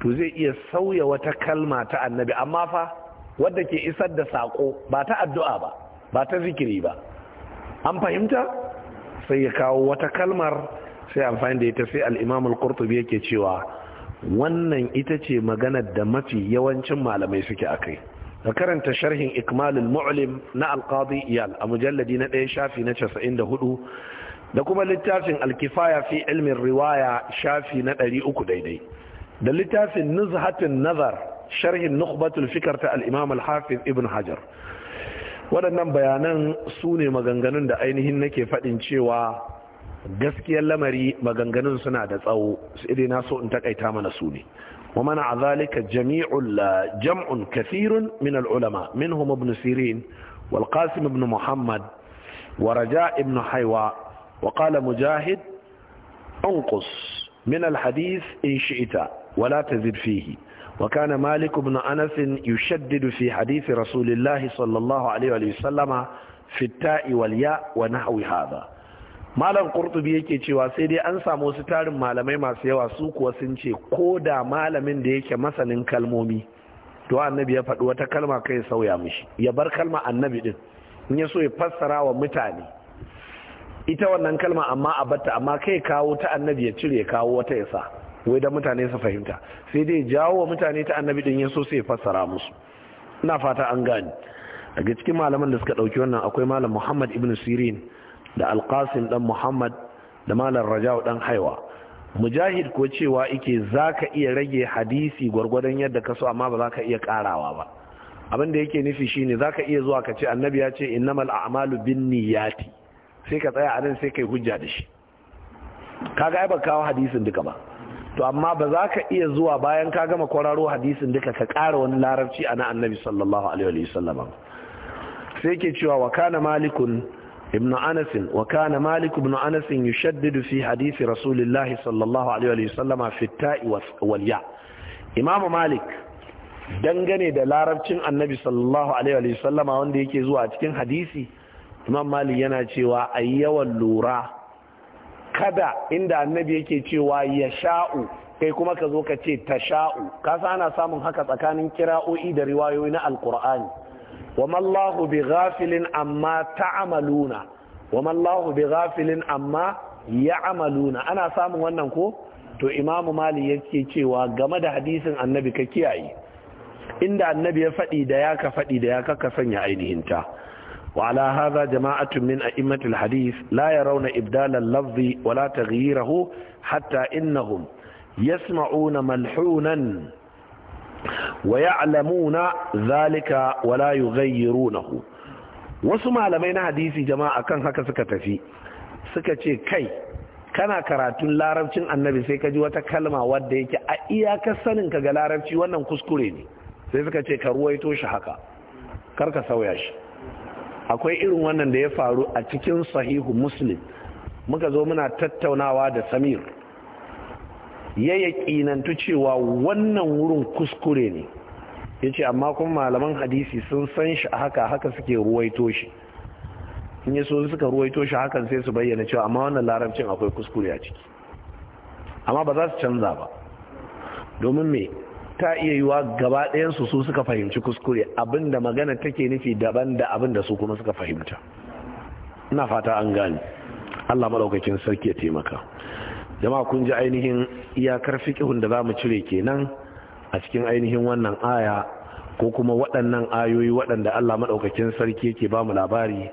Speaker 1: to zai iya sauya wata kalma ta annabi amma fa wadda ke isar da saƙo ba ta addu'a ba ba ta zikiri ba an fahimta sai ya kawo wata kalmar sai amfani da ita sai al'imam al-qurtubi yake cewa wannan ita ce maganar da mafi yawancin malamai suke a kai ka karanta sharhin ikmalul mu'lim na alqadi iyal a mujalladi na ɗaya shafi na 94 da kuma littafin alkifaya fi ilmin riwaya shafi na 300 daidai da littafin nuzhatun nazar sharhin nukhbatul fikar ta al-imam al-hafiz ibn hajar waɗannan bayanan su ne maganganun da ainihin nake faɗin cewa gaskiyar lamari maganganun suna da tsawo sai dai na so in takaita mana su ne ومنع ذلك جميع جمع كثير من العلماء منهم ابن سيرين والقاسم بن محمد ورجاء بن حيواء وقال مجاهد انقص من الحديث إن شئت ولا تزد فيه وكان مالك بن أنس يشدد في حديث رسول الله صلى الله عليه وسلم في التاء والياء ونحو هذا malam qurtubi yake cewa sai dai an samu wasu tarin malamai masu yawa su kuwa sun ce ko da malamin da yake masanin kalmomi to annabi ya faɗi wata kalma kai ya sauya mishi ya bar kalma annabi din in ya so ya fassara wa mutane ita wannan kalma amma a batta amma kai kawo ta annabi ya cire kawo wata ya sa wai da mutane su fahimta sai dai jawo wa mutane ta annabi din ya so sai ya fassara musu ina fata an gani daga cikin malaman da suka ɗauki wannan akwai malam muhammad ibn sirin da alkasim ɗan muhammad da malar rajau ɗan haiwa mujahid ko cewa ike za ka iya rage hadisi gwargwadon yadda ka so amma ba za ka iya karawa ba abin da yake nufi shine za ka iya zuwa ka ce annabi ya ce innamal a'malu bin niyyati sai ka tsaya a nan sai kai hujja da shi kaga ai ba kawo hadisin duka ba to amma ba za ka iya zuwa bayan ka gama kwararo hadisin duka ka ƙara wani larabci a na annabi sallallahu alaihi wasallam sai ke cewa wa kana malikun ibn anas wa kana malik ibn anas yushaddidu fi hadisi rasulillahi sallallahu alaihi wa sallama fi ta'i malik dangane da larabcin annabi sallallahu alaihi wa wanda yake zuwa cikin hadisi imam malik yana cewa a yawan lura kada inda annabi yake cewa ya sha'u kai kuma ka zo ka ce ta sha'u kasa ana samun haka tsakanin kira'o'i da riwayoyi na alkur'ani وما الله بغافل عما تعملون وما الله بغافل عما يعملون انا samun wannan ko to imam mali yake cewa game da hadisin annabi ka kiyaye inda annabi ya fadi da ya ka fadi da ya ka sanya ainihinta. ta haza jama'atun min a immatul hadith la yarawna ibdala al-lafz wa la taghyirahu hatta innahum yasma'una malhunan wa ya'lamuna zalika wa yi yughayyirunahu wasu malamai na hadisi jama'a kan haka suka tafi suka ce kai kana karatun larabcin annabi sai ka ji wata kalma wadda yake a iyakar sanin ka ga larabci wannan kuskure ne sai suka ce ka ruwaito shi haka kar ka sauya shi akwai irin wannan da ya faru a cikin sahihu muslim muka zo muna tattaunawa da samir ya yaƙinantu cewa wannan wurin kuskure ne ya ce amma kuma malaman hadisi sun san shi haka haka suke ruwaito shi in yi so suka ruwaito shi hakan sai su bayyana cewa amma wannan larabcin akwai kuskure a ciki amma ba za su canza ba domin me ta iya yiwa gaba ɗayansu su suka fahimci kuskure abinda magana take nufi daban da abinda su kuma suka fahimta ina fata an gane Allah maɗaukakin sarki ya taimaka jama'a kun ji ainihin iyakar fiƙihun da za mu cire kenan a cikin ainihin wannan aya ko kuma waɗannan ayoyi waɗanda Allah maɗaukakin sarki yake ba mu labari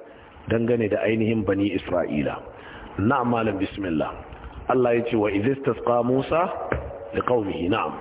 Speaker 1: dangane da ainihin bani Isra'ila. Na'am malam bismillah. Allah ya ce wa idh istasqa Musa liqaumihi na'am.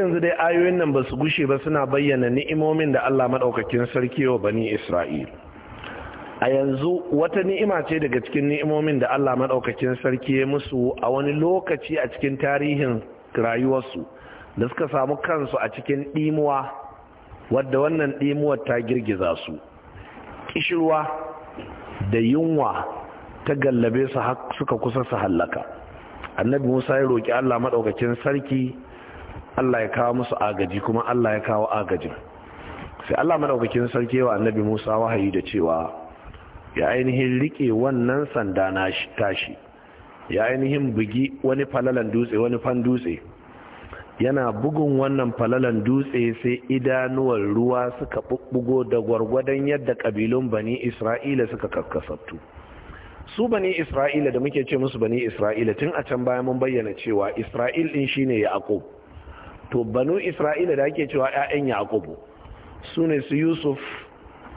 Speaker 1: yanzu dai ayoyin nan ba su gushe ba suna bayyana ni'imomin da Allah maɗaukakin sarki wa bani Isra'il. A yanzu wata ni'ima ce daga cikin ni'imomin da Allah maɗaukakin sarki ya musu a wani lokaci a cikin tarihin rayuwarsu da suka samu kansu a cikin ɗimuwa wadda wannan ɗimuwar ta girgiza su. Kishirwa da yunwa ta gallabe su suka kusa su hallaka. Annabi Musa ya roƙi Allah maɗaukakin sarki Allah ya kawo musu agaji kuma Allah ya kawo agajin sai Allah madaukakin sarki wa annabi Musa wahayi da cewa ya ainihin rike wannan sanda na tashi ya ainihin bugi wani falalan dutse wani fan dutse yana bugun wannan falalan dutse sai idanuwar ruwa suka bubbugo da gwargwadon yadda kabilun bani Isra'ila suka kakkasattu su bani Isra'ila da muke ce musu bani Isra'ila tun a can baya mun bayyana cewa Isra'il din shine Yaqub to banu isra'ila da ake cewa 'ya'yan yakubu su ne su yusuf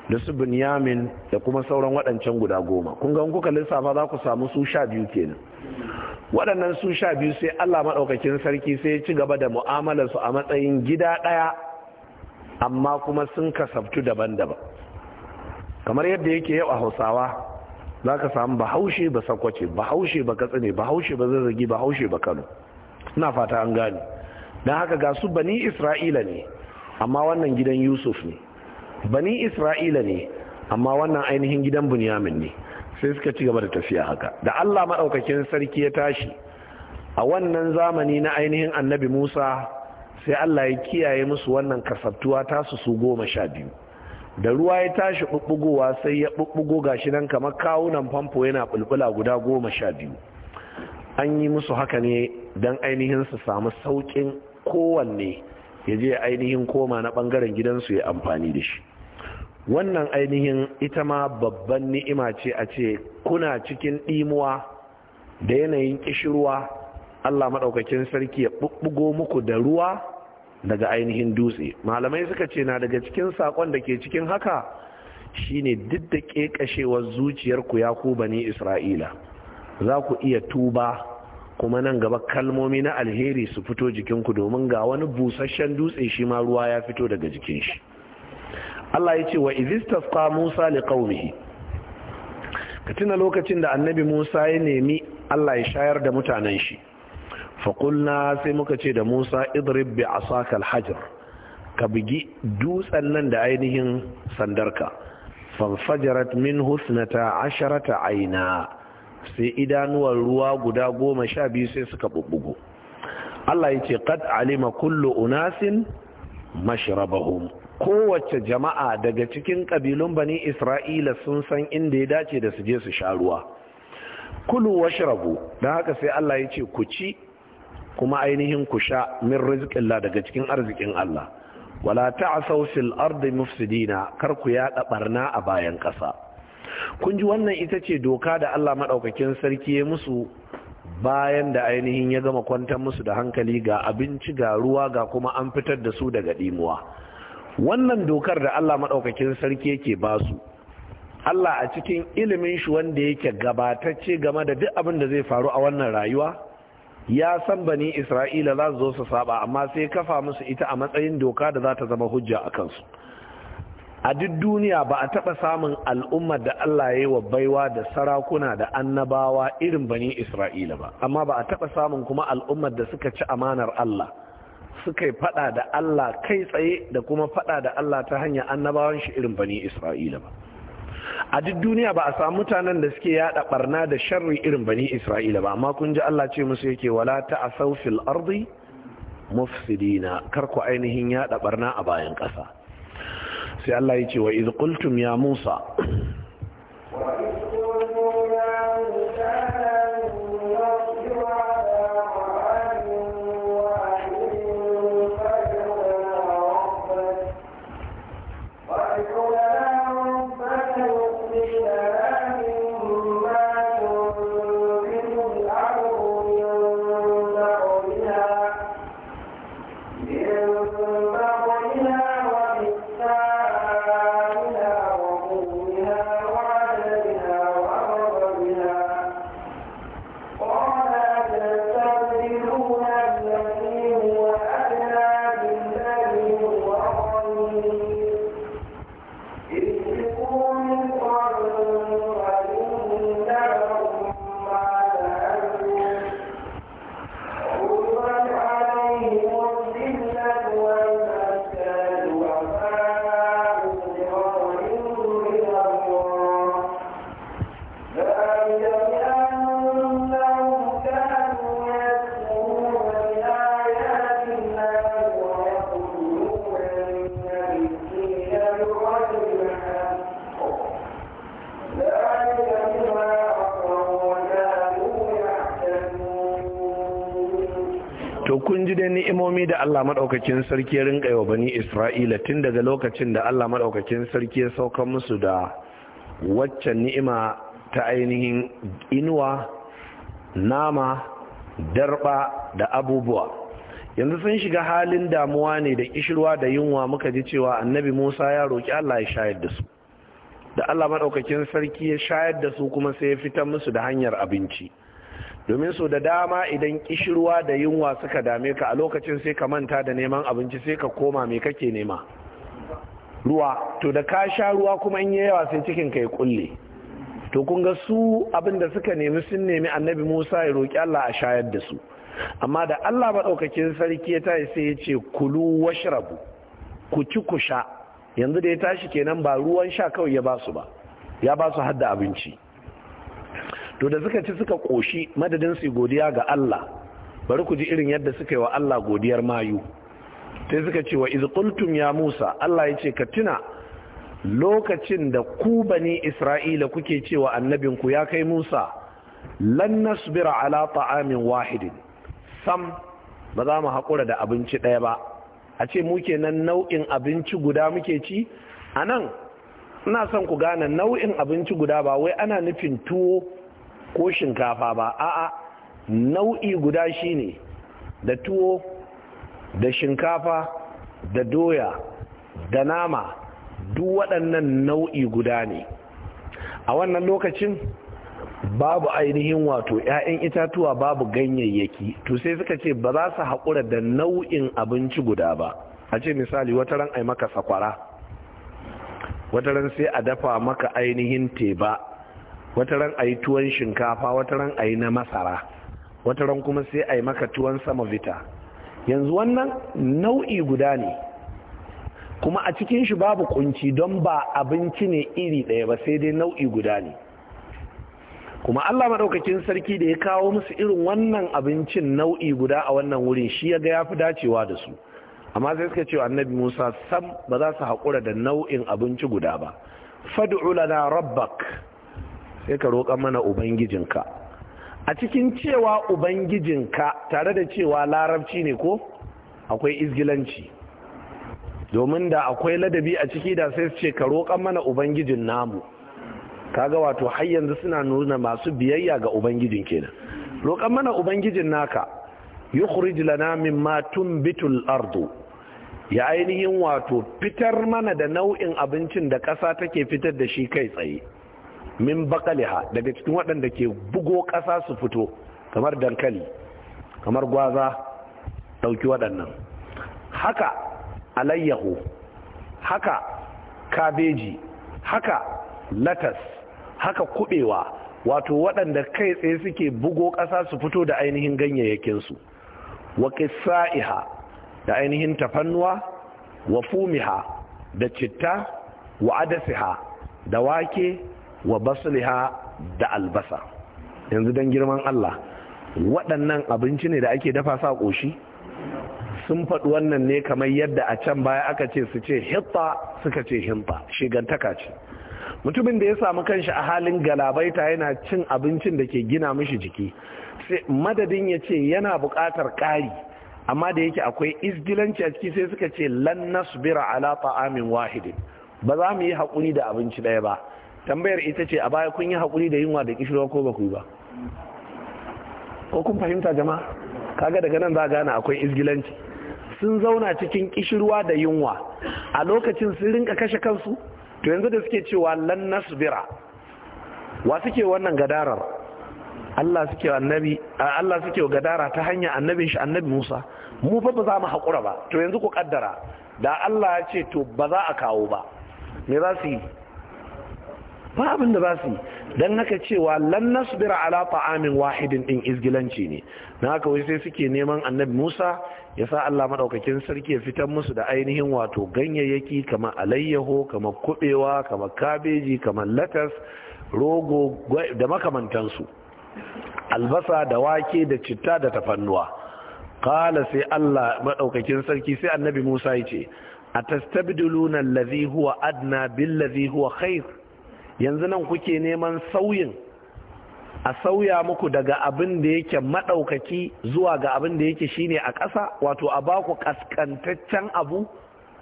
Speaker 1: da su binyamin da kuma sauran waɗancan guda goma kun ga kuka lissafa za ku samu su sha biyu kenan waɗannan su sha biyu sai allah maɗaukakin sarki sai ci gaba da mu'amalar su a matsayin gida ɗaya amma kuma sun kasabtu daban-daban kamar yadda yake yau a hausawa za ka samu bahaushe ba sakwace bahaushe ba katsine bahaushe ba zazzagi bahaushe ba kano ina fata an gane don haka ga su bani isra'ila ne amma wannan gidan yusuf ne bani isra'ila ne amma wannan ainihin gidan bunyamin ne sai suka ci gaba da tafiya haka da allah maɗaukakin sarki ya tashi a wannan zamani na ainihin annabi musa sai allah ya kiyaye musu wannan kasabtuwa tasusu su goma sha biyu da ruwa ya tashi ɓuɓɓugowa sai ya ɓuɓɓugo shi nan kamar kawunan famfo yana bulbula guda goma sha biyu an yi musu haka ne don ainihin su samu sauƙin kowanne ya je ainihin koma na bangaren gidansu ya amfani da shi wannan ainihin ita ma babban ni'ima ce a ce kuna cikin ɗimuwa da yanayin kishirwa Allah maɗaukakin sarki ya ɓuɓɓugo muku da ruwa daga ainihin dutse malamai suka ce na daga cikin saƙon da ke cikin haka shine duk da ƙeƙashewar zuciyarku ya ku bani isra'ila za ku iya tuba kuma nan gaba kalmomi na alheri su fito jikinku domin ga wani busasshen dutse shi ma ruwa ya fito daga jikin shi Allah ya ce wa izistafqa Musa li qaumihi ka tuna lokacin da annabi Musa ya nemi Allah ya shayar da mutanen shi faƙulna sai muka ce da musa idrib bi asaka Hajar, ka bigi dutsen nan da ainihin sandarka fanfajarat min husnata asharata aina sai idanuwar ruwa guda goma sha biyu sai suka bubbugo Allah ya ce kad alima kullu unasin mashrabahum kowace jama'a daga cikin kabilun bani Isra'ila sun san inda ya dace da su je su sha ruwa kulu washrabu dan haka sai Allah ya ce ku ci kuma ainihin ku sha min rizqillah daga cikin arzikin Allah wala ta'asaw fil ardi mufsidina kar ku yaɗa barna a bayan kasa. kun ji wannan ita ce doka da Allah maɗaukakin sarki ya musu bayan da ainihin ya gama kwantar musu da hankali ga abinci ga ruwa ga kuma an fitar da su daga ɗimuwa wannan dokar da Allah maɗaukakin sarki yake ba su Allah a cikin ilimin shi wanda yake gabatacce game da duk abin da zai faru a wannan rayuwa ya san bani Isra'ila za su zo su saba amma sai kafa musu ita a matsayin doka da za ta zama hujja a kansu a duk duniya ba a taɓa samun al'ummar da Allah ya yi wa baiwa da sarakuna da annabawa irin bani Isra'ila ba amma ba a taɓa samun kuma al'ummar da suka ci amanar Allah suka yi faɗa da Allah kai tsaye da kuma faɗa da Allah ta hanyar annabawan shi irin bani Isra'ila ba a duk duniya ba a samu mutanen da suke yaɗa ɓarna da sharri irin bani Isra'ila ba amma kun ji Allah ce musu yake wala a fil ardi mufsidina kar ku ainihin yaɗa ɓarna a bayan ƙasa sai Allah ya ce wa iz qultum ya Musa wa ni'imomi da Allah maɗaukakin sarki ya rinka wa bani Isra'ila tun daga lokacin da Allah maɗaukakin sarki ya sauka musu da waccan ni'ima ta ainihin inuwa nama darɓa, da abubuwa yanzu sun shiga halin damuwa ne da ƙishirwa da yunwa muka ji cewa annabi Musa ya roƙi Allah ya shayar da su da Allah maɗaukakin sarki ya shayar da su kuma sai ya fitar musu da hanyar abinci domin so da dama idan kishirwa da yunwa suka dame ka a lokacin sai ka manta da neman abinci sai ka koma mai kake nema ruwa to da ka sha ruwa kuma in yawa sai cikin ka ya kulle to kun ga su abin da suka nemi sun nemi annabi Musa ya roƙi Allah a shayar da su amma da Allah maɗaukakin sarki ya tashi sai ya ce kulu washrabu ku ci ku sha yanzu da ya tashi kenan ba ruwan sha kawai ya ba su ba ya ba su hadda abinci to da suka ci suka koshi madadin su godiya ga Allah bari ku ji irin yadda suka yi wa Allah godiyar mayu sai suka ce wa iz qultum ya Musa Allah ya ce ka tuna lokacin da ku bani Isra'ila kuke cewa annabin ku ya kai Musa lan nasbira ala ta'amin wahidin sam ba za mu hakura da abinci ɗaya ba a ce mu kenan nau'in abinci guda muke ci a nan ina son ku gane nau'in abinci guda ba wai ana nufin tuwo ko shinkafa ba a'a nau'i guda shine da tuwo da shinkafa da doya da nama duk waɗannan nau'i guda ne a wannan lokacin babu ainihin wato 'ya'yan itatuwa babu ganyayyaki to sai suka ce ba za su haƙura da nau'in abinci guda ba a ce misali wata ran ai maka sakwara wata ran sai a dafa maka ainihin teba wata ran a yi tuwon shinkafa wata ran a yi na masara wata ran kuma sai a yi maka tuwon sama vita yanzu wannan nau'i guda ne kuma a cikin shi babu kunci don ba abinci ne iri ɗaya ba sai dai nau'i guda ne kuma Allah maɗaukakin sarki da ya kawo musu irin wannan abincin nau'i guda a wannan wurin shi ya ga ya fi dacewa da su amma sai suka ce annabi Musa sam ba za su haƙura da nau'in abinci guda ba fad'u lana rabbak sai ka roƙa mana ubangijinka a cikin cewa ubangijinka tare da cewa larabci ne ko akwai izgilanci domin da akwai ladabi a ciki da sai ce ka roƙa mana ubangijin namu kaga wato har yanzu suna nuna masu biyayya ga ubangijin kenan roƙan mana ubangijin naka yukhrij lana mimma bitul ardu ya ainihin wato fitar mana da nau'in abincin da ƙasa take fitar da shi kai tsaye min bakaliha daga cikin waɗanda ke bugo ƙasa su fito kamar dankali kamar gwaza ɗauki waɗannan haka alayyahu haka kabeji haka latas haka kuɓewa wato waɗanda kai tsaye suke bugo ƙasa su fito da ainihin ganyayyakinsu wa ƙisa'iha da ainihin tafannuwa wa fumiha da citta wa adasiha da wake wa basliha da albasa yanzu dan girman Allah waɗannan abinci ne da ake dafa sa ƙoshi sun faɗi wannan ne kamar yadda a can baya aka ce su ce hitta suka ce himfa shigantaka ce mutumin da ya samu kanshi a halin galabaita yana cin abincin da ke gina mishi jiki sai madadin ya ce yana buƙatar ƙari amma da yake akwai isgilanci a ciki sai suka ce lannas bira ala amin wahidin ba za mu yi haƙuri da abinci ɗaya ba tambayar ita ce a baya kun yi haƙuri da yunwa da kishirwa ko ba ku ba ko kun fahimta jama kaga daga nan za gane akwai izgilanci sun zauna cikin kishirwa da yunwa a lokacin sun rinka kashe kansu to yanzu da suke cewa lan nasbira wa suke wannan gadarar Allah suke annabi gadara ta hanyar annabin shi annabi Musa mu fa ba za mu haƙura ba to yanzu ku kaddara da Allah ya ce to ba za a kawo ba me za su yi ba abin da ba su don haka cewa lannas bira alata amin wahidin din izgilanci ne na haka wai sai suke neman annabi Musa ya sa Allah maɗaukakin sarki ya fitar musu da ainihin wato ganyayyaki kama alayyaho kama kuɓewa, kama kabeji kama latas rogo da makamantansu albasa da wake da citta da tafannuwa kala sai Allah maɗaukakin sarki sai annabi Musa ya ce Lazihu allazi huwa adna billazi huwa khair yanzu nan kuke neman sauyin a sauya muku daga abin da yake maɗaukaki zuwa ga abin da yake shine a ƙasa wato a baku ƙasƙantaccen abu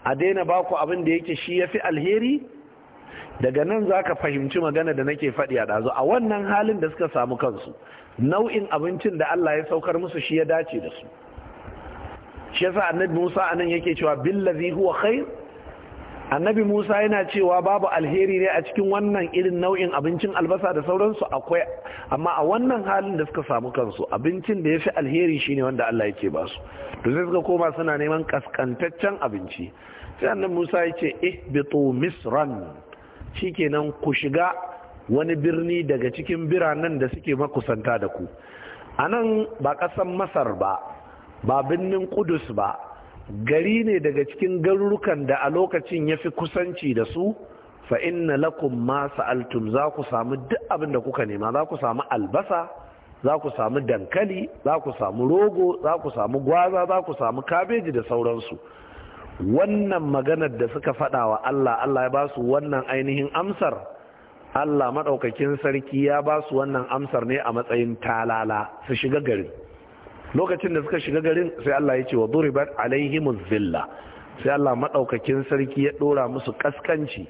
Speaker 1: a daina baku abin da yake shi ya fi alheri daga nan za ka fahimci magana da nake faɗi a ɗazu a wannan halin da suka samu kansu nau'in abincin da Allah ya saukar musu shi ya dace da su shi yasa annabi Musa anan yake cewa billazi huwa khair annabi musa yana cewa babu alheri ne a cikin wannan irin nau'in abincin albasa da sauransu akwai amma a wannan halin da suka samu kansu abincin da ya fi alheri shine wanda allah yake ba su to sai suka koma suna neman kaskantaccen abinci sai annabi musa ya ce eh bitu misran kenan ku shiga wani birni daga cikin biranen da suke makusanta da ku A nan ba kasan masar ba ba birnin kudus ba gari ne daga cikin garurukan da a lokacin ya fi kusanci da su fa inna lakum ma sa'altum za ku samu duk abin da kuka nema za ku samu albasa za ku samu dankali za ku samu rogo za ku samu gwaza za ku samu kabeji da sauransu wannan maganar da suka faɗa wa Allah Allah ya ba su wannan ainihin amsar Allah maɗaukakin sarki ya ba su wannan amsar ne a matsayin talala su shiga gari lokacin da suka shiga garin sai Allah ya ce wa duribat alaihimuz zilla sai Allah madaukakin sarki ya dora musu kaskanci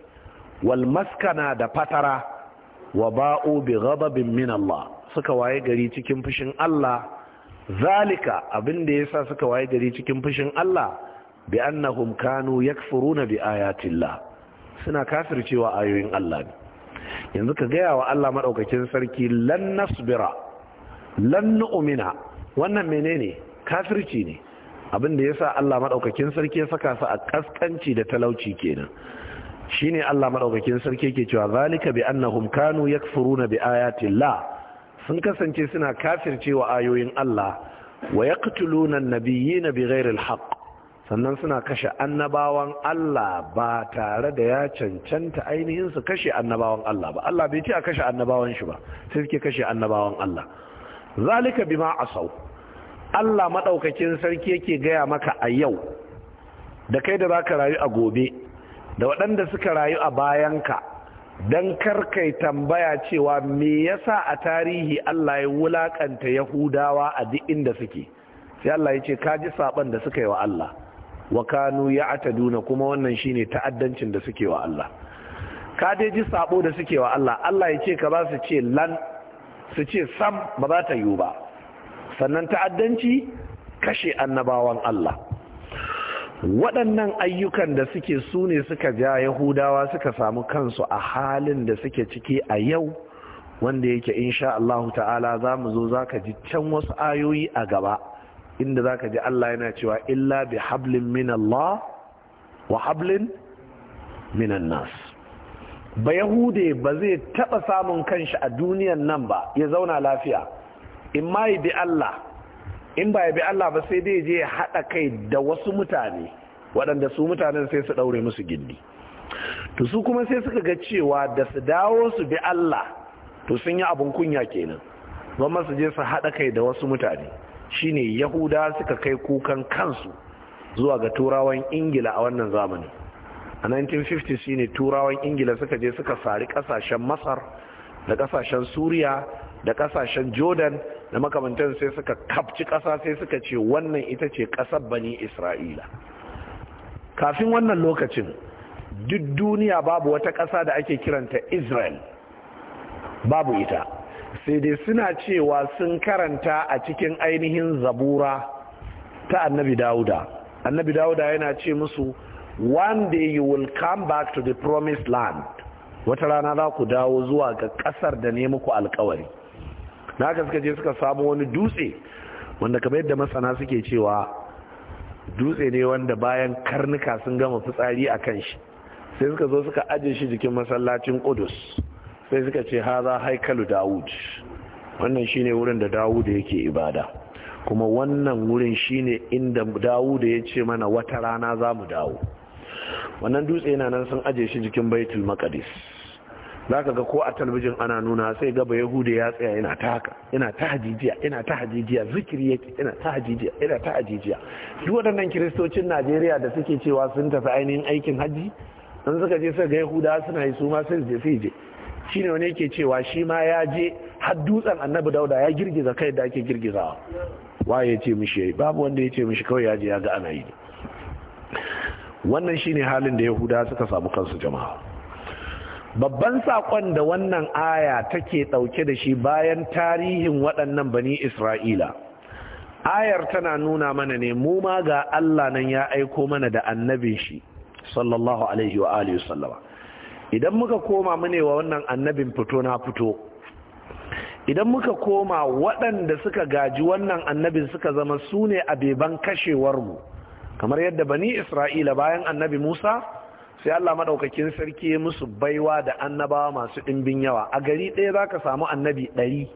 Speaker 1: wal maskana da fatara wa ba'u bi ghadabin min Allah suka waye gari cikin fushin Allah zalika abinda da yasa suka waye gari cikin fushin Allah bi annahum kanu yakfuruna bi Allah suna kafircewa ayoyin Allah ne yanzu ka gaya wa Allah madaukakin sarki lan nasbira lan nu'mina wannan menene kafirci ne abin da yasa Allah maɗaukakin sarki ya saka su a ƙasƙanci da talauci kenan shine Allah maɗaukakin sarki ke cewa zalika bi annahum kanu yakfuruna bi ayati tilla, sun kasance suna kafircewa ayoyin Allah wa yaqtuluna na nabiyina bighairi al sannan suna kashe annabawan Allah ba tare da ya cancanta ainihin su kashe annabawan Allah ba Allah bai ce a kashe annabawan shi ba sai suke kashe annabawan Allah zalika bima asaw Allah maɗaukakin sarki yake gaya maka a yau da kai da za ka rayu a gobe da waɗanda suka rayu a bayanka don karkai tambaya cewa me yasa a tarihi Allah ya wulakanta Yahudawa a duk inda suke sai Allah ya ce kaji saban da suka yi wa Allah wa kanu ya ataduna kuma wannan shine ta'addancin da suke wa Allah ka dai ji sabo da suke wa Allah Allah ya ce ka ba su ce lan su ce sam ba za ta yiwu ba sannan ta'addanci kashe annabawan Allah waɗannan ayyukan da suke su ne suka ja yahudawa suka samu kansu a halin da suke ciki a yau wanda yake insha Allah ta'ala za mu zo za ka ji can wasu ayoyi a gaba inda za ka ji Allah yana cewa illa bi hablin min Allah wa hablin min nas ba yahude ba zai taɓa samun kanshi a duniyan nan ba ya zauna lafiya in ma yi bi Allah in ba ya bi Allah ba sai dai je ya haɗa kai da wasu mutane waɗanda su mutanen sai su ɗaure musu gindi to su kuma sai suka ga cewa da su dawo su bi Allah to sun yi abin kunya kenan zama su je su haɗa kai da wasu mutane shine yahuda suka kai kukan kansu zuwa ga turawan ingila a wannan zamani. a 1950 shine turawan ingila suka je suka sari kasashen masar da kasashen suriya da kasashen jordan da makamantan sai suka kafci ƙasa sai suka ce wannan ita ce ƙasar bani isra'ila kafin wannan lokacin duk duniya babu wata ƙasa da ake kiranta israel babu ita sai dai suna cewa sun karanta a cikin ainihin zabura ta annabi dauda annabi Dawuda yana ce musu one day you will come back to the promised land wata rana za ku dawo zuwa ga ƙasar da ne muku alkawari Na haka suka je suka samu wani dutse wanda kamar yadda masana suke cewa dutse ne wanda bayan karnuka sun gama fitsari a kan shi sai suka zo suka aje shi jikin masallacin kudus sai suka ce haza haikalu dawud wannan shi ne wurin da dawud yake ibada kuma wannan wurin shi ne inda dawud ya ce mana wata rana za mu dawo wannan dutse yana nan sun aje shi jikin baitul makadis za ka ga ko a talbijin ana nuna sai gaba yahuda ya tsaya yana ta haka yana ta hajijiya yana ta hajijiya zikiri yake yana ta hajijiya yana ta hajijiya duk waɗannan kiristocin najeriya da suke cewa sun tafi ainihin aikin hajji don suka je suka ga yahuda suna yi su ma sai je sai je shine wani yake cewa shi ma ya je har dutsen annabi dauda ya girgiza kai da ake girgizawa waye ya ce mishi yayi babu wanda ya ce mishi kawai ya je ya ga ana yi wannan shine halin da yahuda suka samu kansu jama'a babban saƙon da wannan aya take ɗauke da shi bayan tarihin waɗannan bani isra'ila ayar tana nuna mana ne mu ma ga allah nan ya aiko mana da annabin shi sallallahu alaihi wa alihi sallama idan muka koma mune wa wannan annabin fito na fito idan muka koma waɗanda suka gaji wannan annabin suka zama su ne kashewar mu, kamar yadda bani isra'ila bayan annabi musa sai Allah madaukakin sarki musu baiwa da annabawa masu ɗimbin yawa a gari ɗaya za ka samu annabi ɗari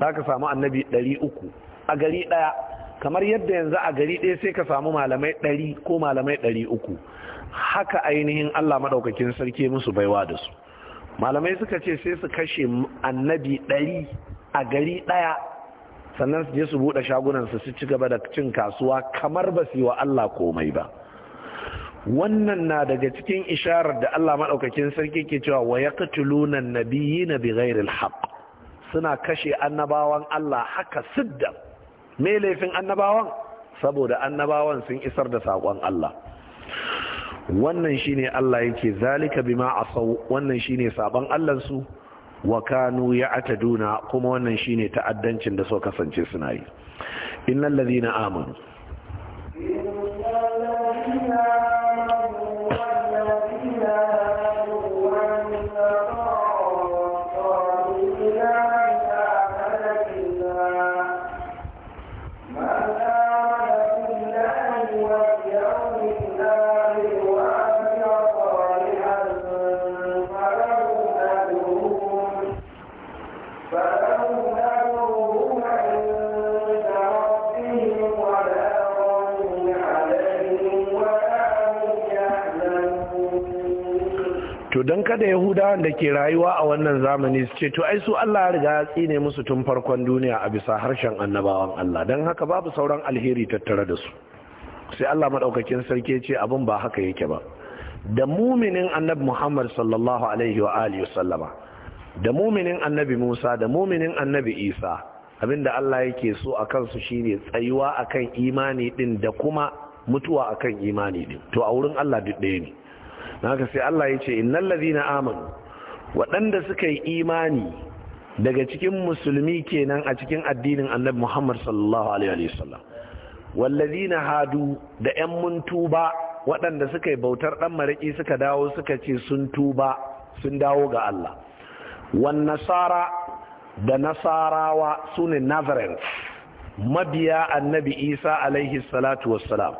Speaker 1: za ka samu annabi ɗari uku a gari ɗaya kamar yadda yanzu a gari ɗaya sai ka samu malamai ɗari ko malamai ɗari uku haka ainihin Allah maɗaukakin sarki musu baiwa da su malamai suka ce sai su kashe annabi ɗari a gari ɗaya sannan su je su buɗe shagunan su ci gaba da cin kasuwa kamar ba su yi wa Allah komai ba wannan na daga cikin isharar da Allah maɗaukakin sarki ke cewa wa yaqtuluna na bighairil haqq suna kashe annabawan Allah haka sidda me laifin annabawan saboda annabawan sun isar da sakon Allah wannan ne Allah yake zalika bima sau, wannan shine saban Allah su wa kanu ya'taduna kuma wannan ne ta'addancin da so kasance suna yi innal na amanu kada yahudawan da ke rayuwa a wannan zamani su ce to ai su Allah ya riga ya tsine musu tun farkon duniya a bisa harshen annabawan Allah don haka babu sauran alheri tattare da su sai Allah maɗaukakin sarki ce abin ba haka yake ba da muminin annabi Muhammad sallallahu alaihi wa alihi sallama da muminin annabi Musa da muminin annabi Isa abinda Allah yake so a kansu shine tsayuwa akan imani din da kuma mutuwa akan imani din to a wurin Allah duk ɗaya ne na haka sai Allah ya ce inna ladina amanu waɗanda suka yi imani daga cikin musulmi kenan a cikin addinin annabi Muhammad sallallahu alaihi wasallam wallazina hadu da yan mun tuba waɗanda suka yi bautar ɗan mariki suka dawo suka ce sun tuba sun dawo ga Allah wan nasara da nasarawa sune nazarens mabiya annabi Isa alaihi salatu wassalam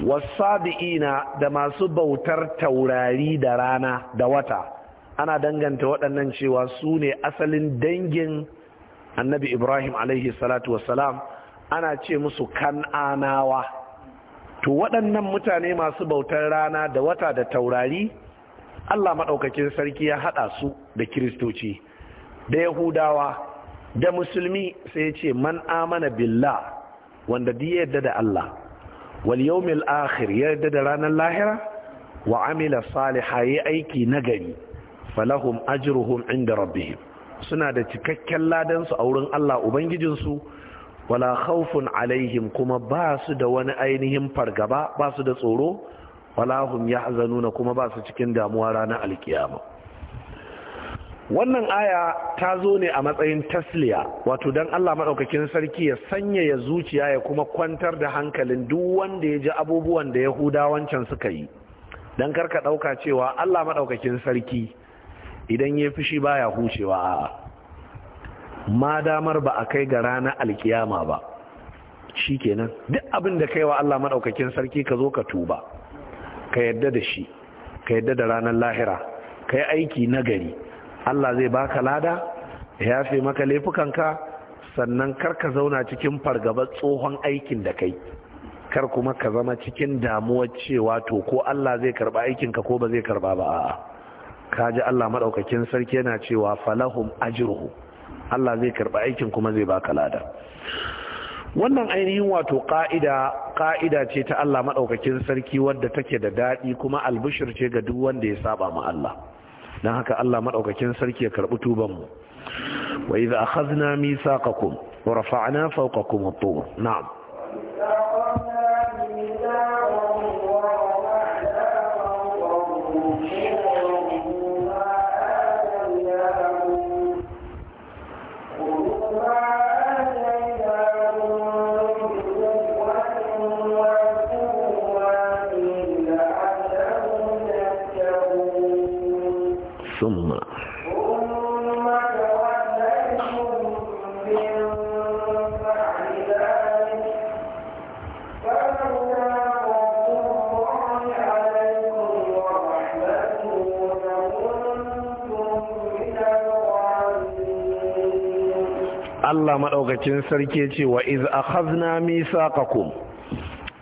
Speaker 1: wasabi'ina da masu bautar taurari da rana da wata ana danganta waɗannan cewa su ne asalin dangin annabi ibrahim alaihi salatu wasalam ana ce musu kan'anawa to waɗannan mutane masu bautar rana da wata da taurari allah maɗaukakin sarki ya haɗa su da kiristoci da yahudawa da musulmi sai ce man amana billah wanda duk yadda da allah wal yawmil akhir yarda da ranar lahira wa amila saliha yi aiki nagari falahum ajruhum inda rabbihim suna da cikakken ladansu a wurin Allah ubangijinsu wala khawfun alaihim kuma ba su da wani ainihin fargaba ba su da tsoro wala hum yahzanuna kuma ba su cikin damuwa ranar alkiyama wannan aya ta zo ne a matsayin tasliya wato don Allah maɗaukakin sarki ya sanyaya zuciya ya kuma kwantar da hankalin duk wanda ya ji abubuwan da yahudawancan suka yi don karka ɗauka cewa Allah maɗaukakin sarki idan ya fushi baya hucewa a ma damar ba a kai ga ranar alkiyama ba shi kenan duk abin da kai wa Allah maɗaukakin sarki ka zo ka tuba ka yadda da shi ka yadda da ranar lahira ka yi aiki na gari Allah zai baka lada ya yafe maka ka sannan kar ka zauna cikin fargaba tsohon aikin da kai kar kuma ka zama cikin damuwar cewa to ko Allah zai karba aikinka ko ba zai karba ba a'a kaji Allah madaukakin sarki yana cewa falahum ajruhu Allah zai karba aikin kuma zai baka lada wannan ainihin wato ka'ida ka'ida ce ta Allah madaukakin sarki wadda take da dadi kuma albishir ce ga duk wanda ya saba ma Allah don haka Allah maɗaukakin sarki ya karɓi tubanmu wa iza akhadna mithaqakum wa rafa'na fawqakum at-tur na'am Allah maɗaukacin sarki ce wa iz akhazna misaqakum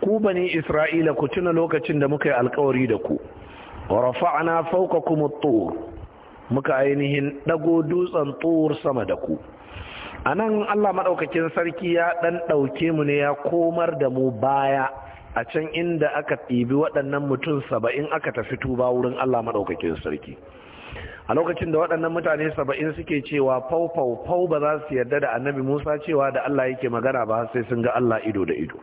Speaker 1: ku bani isra'ila ku tuna lokacin da muka yi alkawari da ku wa rafa'na fawqakum at-tur muka ainihin dago dutsen tur sama da ku anan Allah maɗaukakin sarki ya dan dauke mu ne ya komar da mu baya a can inda aka ɗibi waɗannan mutum saba'in aka tafi tuba wurin Allah maɗaukakin sarki a lokacin da waɗannan mutane saba'in suke cewa fau fau fau ba za su yarda da annabi musa cewa da allah yake magana ba sai sun ga allah ido da ido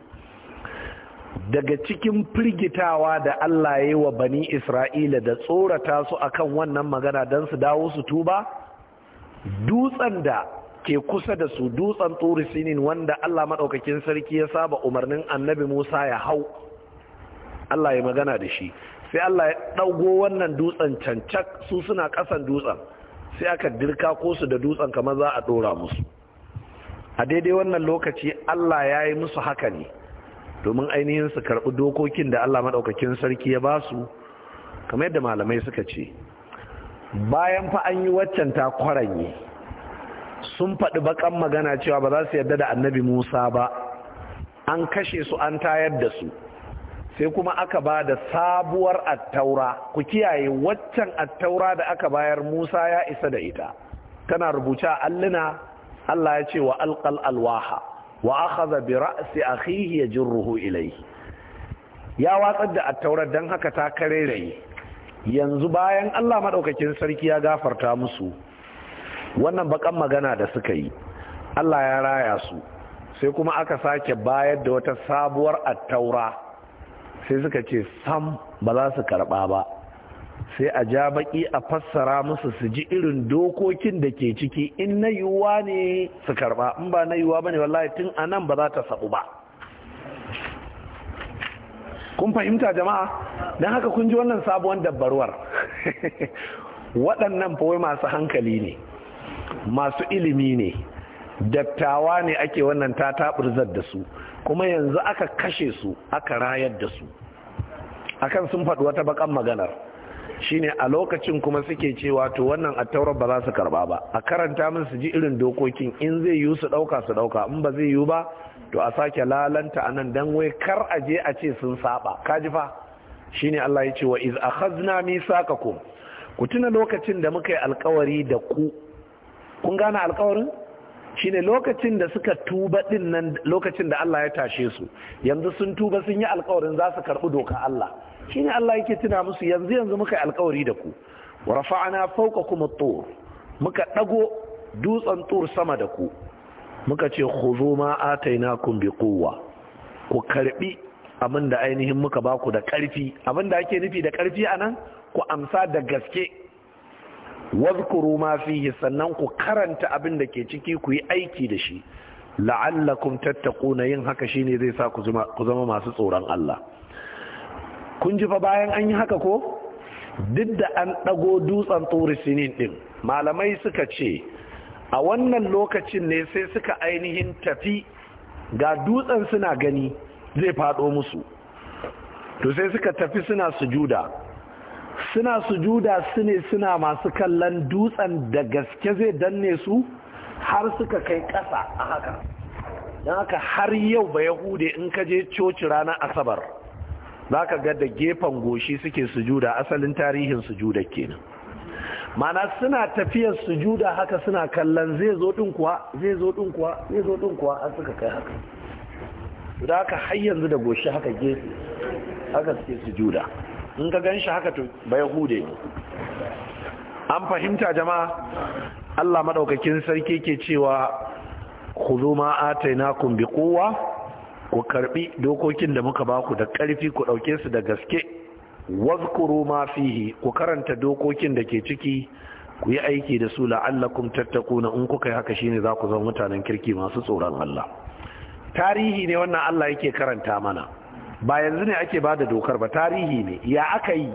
Speaker 1: daga cikin firgitawa da allah ya wa bani isra'ila da tsorata su a kan wannan magana don su dawo su tuba dutsen da ke kusa da su dutsen tsori sinin wanda allah maɗaukakin sarki ya saba umarnin annabi musa ya hau allah ya magana da shi sai Allah ya ɗaugo wannan dutsen cancak su suna ƙasan dutsen sai aka dirka ko su da dutsen kamar za a ɗora musu a daidai wannan lokaci Allah ya yi musu haka ne domin ainihin su karɓi dokokin da Allah maɗaukakin sarki ya ba su kamar yadda malamai suka ce bayan fa an yi waccan ta kwaranye sun faɗi baƙan magana cewa ba za su yarda da annabi musa ba an kashe su an tayar da su sai kuma aka ba da sabuwar attaura ku kiyaye waccan attaura da aka bayar musa ya isa da ita tana rubuta, a alluna allah ya ce wa alƙal alwaha wa akhadha bi ra'si akhihi yajruhu ilayhi ya watsar da attaura dan haka ta kare rai yanzu bayan Allah madaukakin sarki ya gafarta musu wannan bakan magana da suka yi Allah ya raya su sai kuma aka sake bayar da wata sabuwar attaura sai suka ce sam ba za su karɓa ba sai a ja baƙi a fassara musu su ji irin dokokin da ke ciki in na yiwuwa ne su karba in ba na yiwuwa ba ne wallahi tun a nan ba za ta sabu ba kun fahimta jama'a don haka kun ji wannan sabuwar dabbarwar waɗannan fawai masu hankali ne masu ilimi ne dattawa ne ake wannan ta taɓurzar da su kuma yanzu aka kashe su aka rayar da su akan sun faɗi wata bakan maganar shine a lokacin kuma suke cewa to wannan attaurar ba za su karba ba a karanta min su ji irin dokokin in zai yiwu su ɗauka su ɗauka in ba zai yiwu ba to a sake lalanta a nan don wai kar a je a ce sun saba kaji fa shine Allah ya ce wa iz nisa ka ku ku tuna lokacin da muka yi alkawari da ku kun gane alkawarin shine lokacin da suka tuba din nan lokacin da Allah ya tashe su yanzu sun tuba sun yi alkawarin za su karɓi doka Allah shine Allah yake tuna musu yanzu yanzu muka yi alkawari da ku wa rafa'ana fawqakum at-tur muka dago dutsen tur sama da ku muka ce khudhu ma atainakum bi quwwa ku karɓi abin da ainihin muka ba ku da karfi abin da ake nufi da karfi anan ku amsa da gaske wazkuru ma fihi sannan ku karanta abin da ke ciki ku yi aiki da shi la'allakum tattaquna yin haka shine zai sa ku zama masu tsoron Allah kun ji fa bayan an yi haka ko duk da an dago dutsen tsuri sinin din malamai suka ce a wannan lokacin ne sai suka ainihin tafi ga dutsen suna gani zai fado musu to sai suka tafi suna sujuda suna sujuda su ne suna masu kallon dutsen da gaske zai danne su har suka kai ƙasa a haka don haka har yau ba yahude in ka je coci ranar asabar za ka ga da gefen goshi suke sujuda asalin tarihin sujuda kenan mana suna tafiyar sujuda haka suna kallon zai zo ɗin kuwa zai zo ɗin kuwa zai zo ɗin kuwa har suka kai haka da haka har yanzu da goshi haka gefe haka suke sujuda in ka gan shi haka to ba yahude an fahimta jama'a Allah madaukakin sarki ke cewa khudhu ma atainakum quwwa ku karbi dokokin da muka baku da karfi ku dauke su da gaske wazkuru ma fihi ku karanta dokokin da ke ciki ku yi aiki da su la'allakum tattaquna in kuka yi haka shine za ku zama mutanen kirki masu tsoron Allah tarihi ne wannan Allah yake karanta mana ba yanzu ne ake ba da dokar ba tarihi ne ya aka yi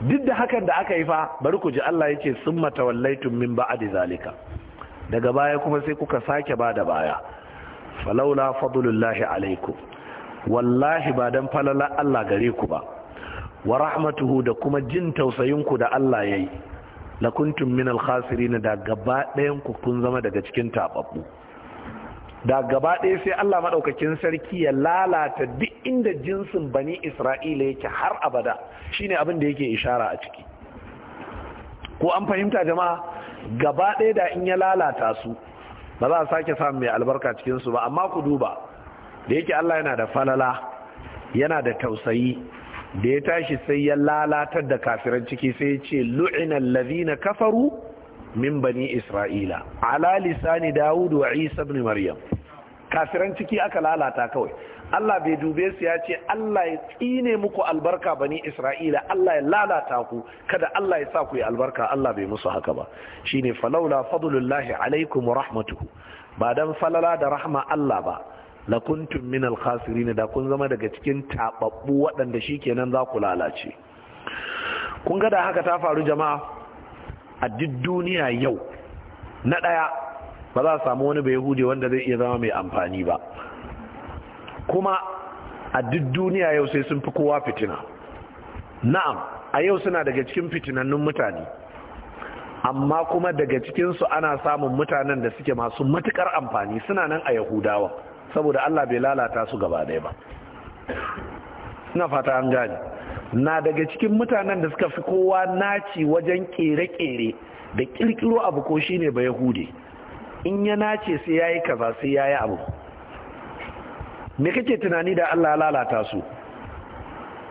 Speaker 1: duk da hakan da aka yi fa bari ku ji Allah ya ce sun matawallaitun min zalika daga baya kuma sai kuka sake ba da baya falaula fadlullahi alaiku wallahi ba don falala Allah gare ku ba wa rahmatuhu da kuma jin tausayin ku da Allah ya yi. lakuntun min na da gaba ɗayan ku kun zama daga cikin tababbu da gaba ɗaya sai Allah maɗaukakin sarki ya lalata duk inda jinsin bani Isra'ila yake har abada shine abin da yake ishara a ciki ko an fahimta jama'a gaba ɗaya da in ya lalata su ba za a sake samun mai albarka cikin su ba amma ku duba da yake Allah yana da falala yana da tausayi da ya tashi sai ya lalatar da kafiran ciki sai ya ce lu'inal ladina kafaru min bani isra'ila ala lisani dawud wa isa ibn maryam kafiran ciki aka lalata kawai Allah bai dube su ya ce Allah ya tsine muku albarka bani Isra'ila Allah ya lalata ku kada Allah ya sa ku yi albarka Allah bai musu haka ba shine falaula fadlullahi alaikum wa rahmatuhu ba dan falala da rahma Allah ba lakuntum min alkhasirin da kun zama daga cikin tababbu waɗanda shikenan za ku lalace kun ga da haka ta faru jama'a a duk duniya yau na ɗaya ba za a samu wani bai hude wanda zai iya zama mai amfani ba kuma a duk duniya yau sai sun fi kowa fitina na'am a yau suna daga cikin fitinannun mutane amma kuma daga cikinsu ana samun mutanen da suke masu matukar amfani suna nan a yahudawa saboda allah bai lalata su gaba ɗaya ba suna fata an gane na daga cikin mutanen da suka fi kowa naci wajen kere-kere da kirkiro abu ko ne ba yahudi in ya nace sai ya yi kaza sai yi abu me kake tunani da Allah lalata su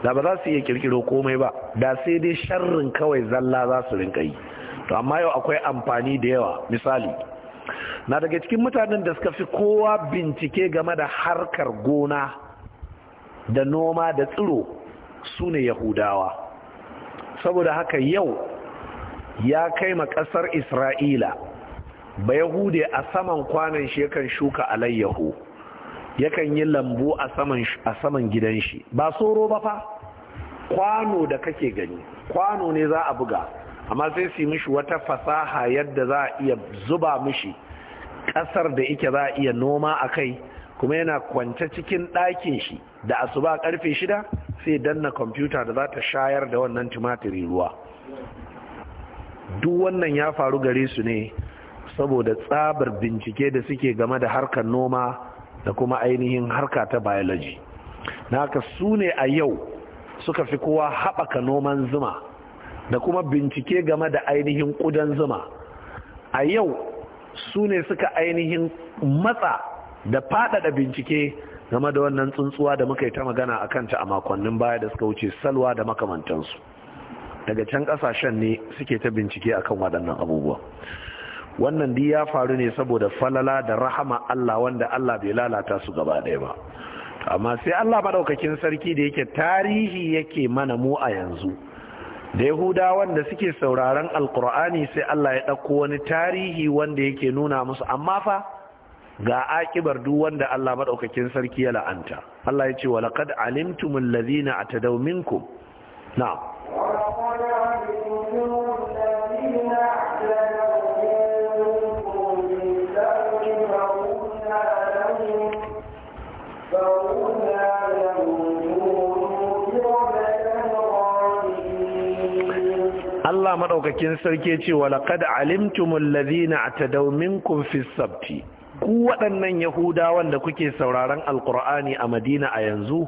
Speaker 1: da ba za su iya kirkiro komai ba da sai dai sharrin kawai zalla za su rinka yi to amma yau akwai amfani da yawa misali na daga cikin mutanen da suka fi kowa bincike game da harkar gona da noma da tsiro su ne yahudawa saboda haka yau ya kai ma ƙasar isra'ila ba yahude a saman kwanan shi yakan shuka alayyahu yakan yi lambu a saman gidan shi ba soro ba fa kwano da kake gani kwano ne za a buga amma sai su yi mishi wata fasaha yadda za a iya zuba mishi ƙasar da ike za a iya noma a kai kuma yana kwance cikin ɗakin shi da asuba karfe shida sai danna kwamfuta da za ta shayar da wannan tumatiri ruwa duk wannan ya faru gare su ne saboda tsabar bincike da suke game da harkar noma da kuma ainihin harka ta biology na haka su ne a yau suka fi kowa haɓaka noman zuma da kuma bincike game da ainihin ƙudan zuma a yau su ne suka ainihin matsa da faɗaɗa bincike game da wannan tsuntsuwa da muka yi ta magana a kanta a makonnin baya da suka wuce salwa da makamantansu daga can ƙasashen ne suke ta bincike a kan waɗannan abubuwa wannan di ya faru ne saboda falala da rahama Allah wanda Allah bai lalata su gaba ɗaya ba amma sai Allah madaukakin sarki da yake tarihi yake mana mu a yanzu da yahuda wanda suke sauraron alkur'ani sai Allah ya ɗauko wani tarihi wanda yake nuna musu amma fa ga akibar duk wanda Allah madaukakin sarki ya la'anta Allah ya ce wa laqad alimtumul ladina atadaw minkum na'am Allah maɗaukakin sarki ya ce wa laqad alimtumul ladina atadaw minkum fis sabti ku waɗannan yahudawan da kuke sauraron alkur'ani a madina a yanzu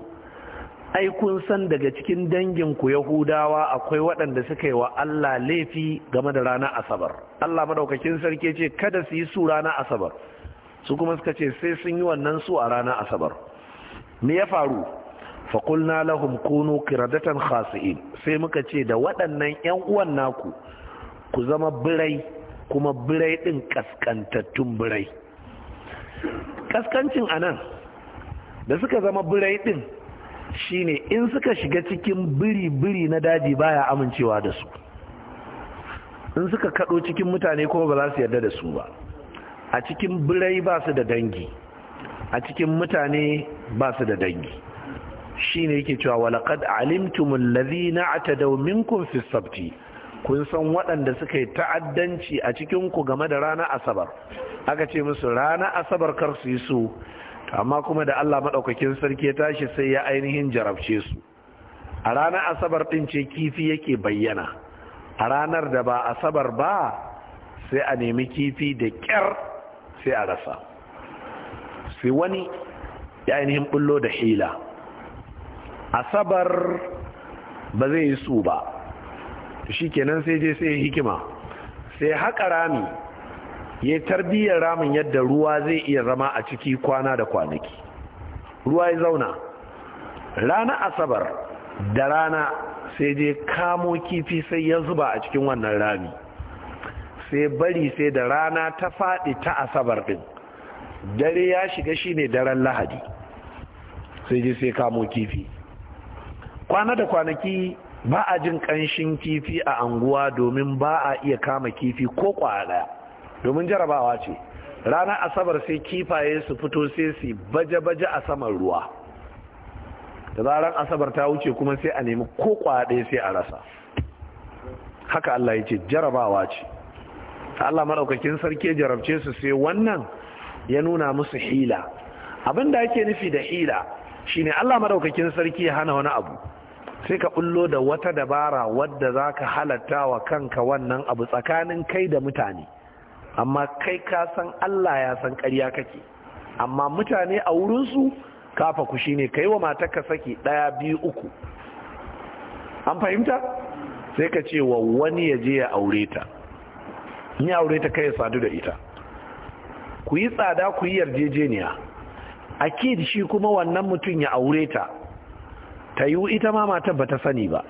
Speaker 1: ai kun san daga cikin danginku yahudawa akwai waɗanda suka yi wa allah laifi game da ranar asabar allah madaukakin sarki ce kada su yi su ranar asabar su kuma suka ce sai sun yi wannan su a ranar asabar me ya faru faƙulna lahum kunu kiradatan khasi'in sai muka ce da waɗannan 'yan uwan naku ku zama birai kuma birai ɗin ƙasƙantattun birai kaskancin nan da suka zama birai din ne in suka shiga cikin biri-biri na daji baya amincewa da su in suka kaɗo cikin mutane kuma ba za su yarda da su ba a cikin birai ba su da dangi a cikin mutane ba su da dangi Shi ne yake cewa walaqad alimtumul lazi na a fi daumin kun san waɗanda suka yi ta'addanci a cikinku game da ranar asabar aka ce musu rana asabar kar su yi su amma kuma da Allah maɗaukakin sarki ya tashi sai ya ainihin jarabce su a ranar asabar ɗin ce kifi yake bayyana a ranar da ba asabar ba sai a nemi kifi da ƙyar sai a rasa sai wani ya ainihin bullo da hila asabar ba zai yi su ba shi kenan sai je sai hikima sai haƙa rami ya tarbiyyar ramin yadda ruwa zai iya zama a ciki kwana da kwanaki ruwa ya zauna rana asabar da rana sai je kamo kifi sai ya zuba a cikin wannan rami sai bari sai da rana ta faɗi ta asabar ɗin dare ya shiga shi ne daren lahadi sai je sai kamo kifi kwana da kwanaki ba a jin ƙanshin kifi a anguwa domin ba a iya kama kifi ko ɗaya. domin jarabawa ce ranar asabar sai kifaye su fito sai su baje-baje a saman ruwa da zarar asabar ta wuce kuma sai a nemi ko kwaɗe sai a rasa haka Allah ya ce jarabawa ce Allah maɗaukakin sarki jarabce su sai wannan ya nuna musu hila abin da ake nufi da hila ne Allah maɗaukakin sarki ya hana wani abu sai ka bullo da wata dabara wadda za ka halatta wa kanka wannan abu tsakanin kai da mutane amma kai ka san Allah ya san ƙarya kake amma mutane a wurinsu kafa ku ne kai wa ka saki ɗaya biyu uku an fahimta sai ka ce wa wani ya je ya aure ta ni ya aure ta kai ya sadu da ita ku yi tsada ku yi yarjejeniya akid shi kuma wannan mutum ya aure ta ta yi ita ma matar bata sani ba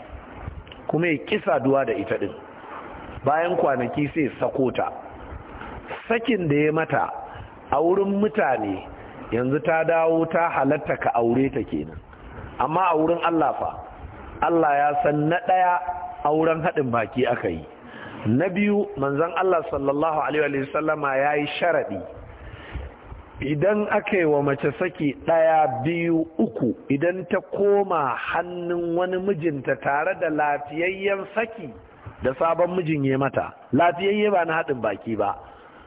Speaker 1: kuma ya ƙi saduwa da ita din bayan kwanaki sai sako ta sakin da ya mata a wurin mutane yanzu ta dawo ta halatta ka aure ta kenan amma a wurin Allah fa Allah ya san na ɗaya a wurin haɗin baki aka yi na biyu manzon Allah sallallahu alaihi wasallama ya yi sharaɗi idan aka yi wa mace saki ɗaya biyu uku idan ta koma hannun wani mijinta tare da lafiyayyen saki da sabon mijin ya mata lafiyayye ba na haɗin baki ba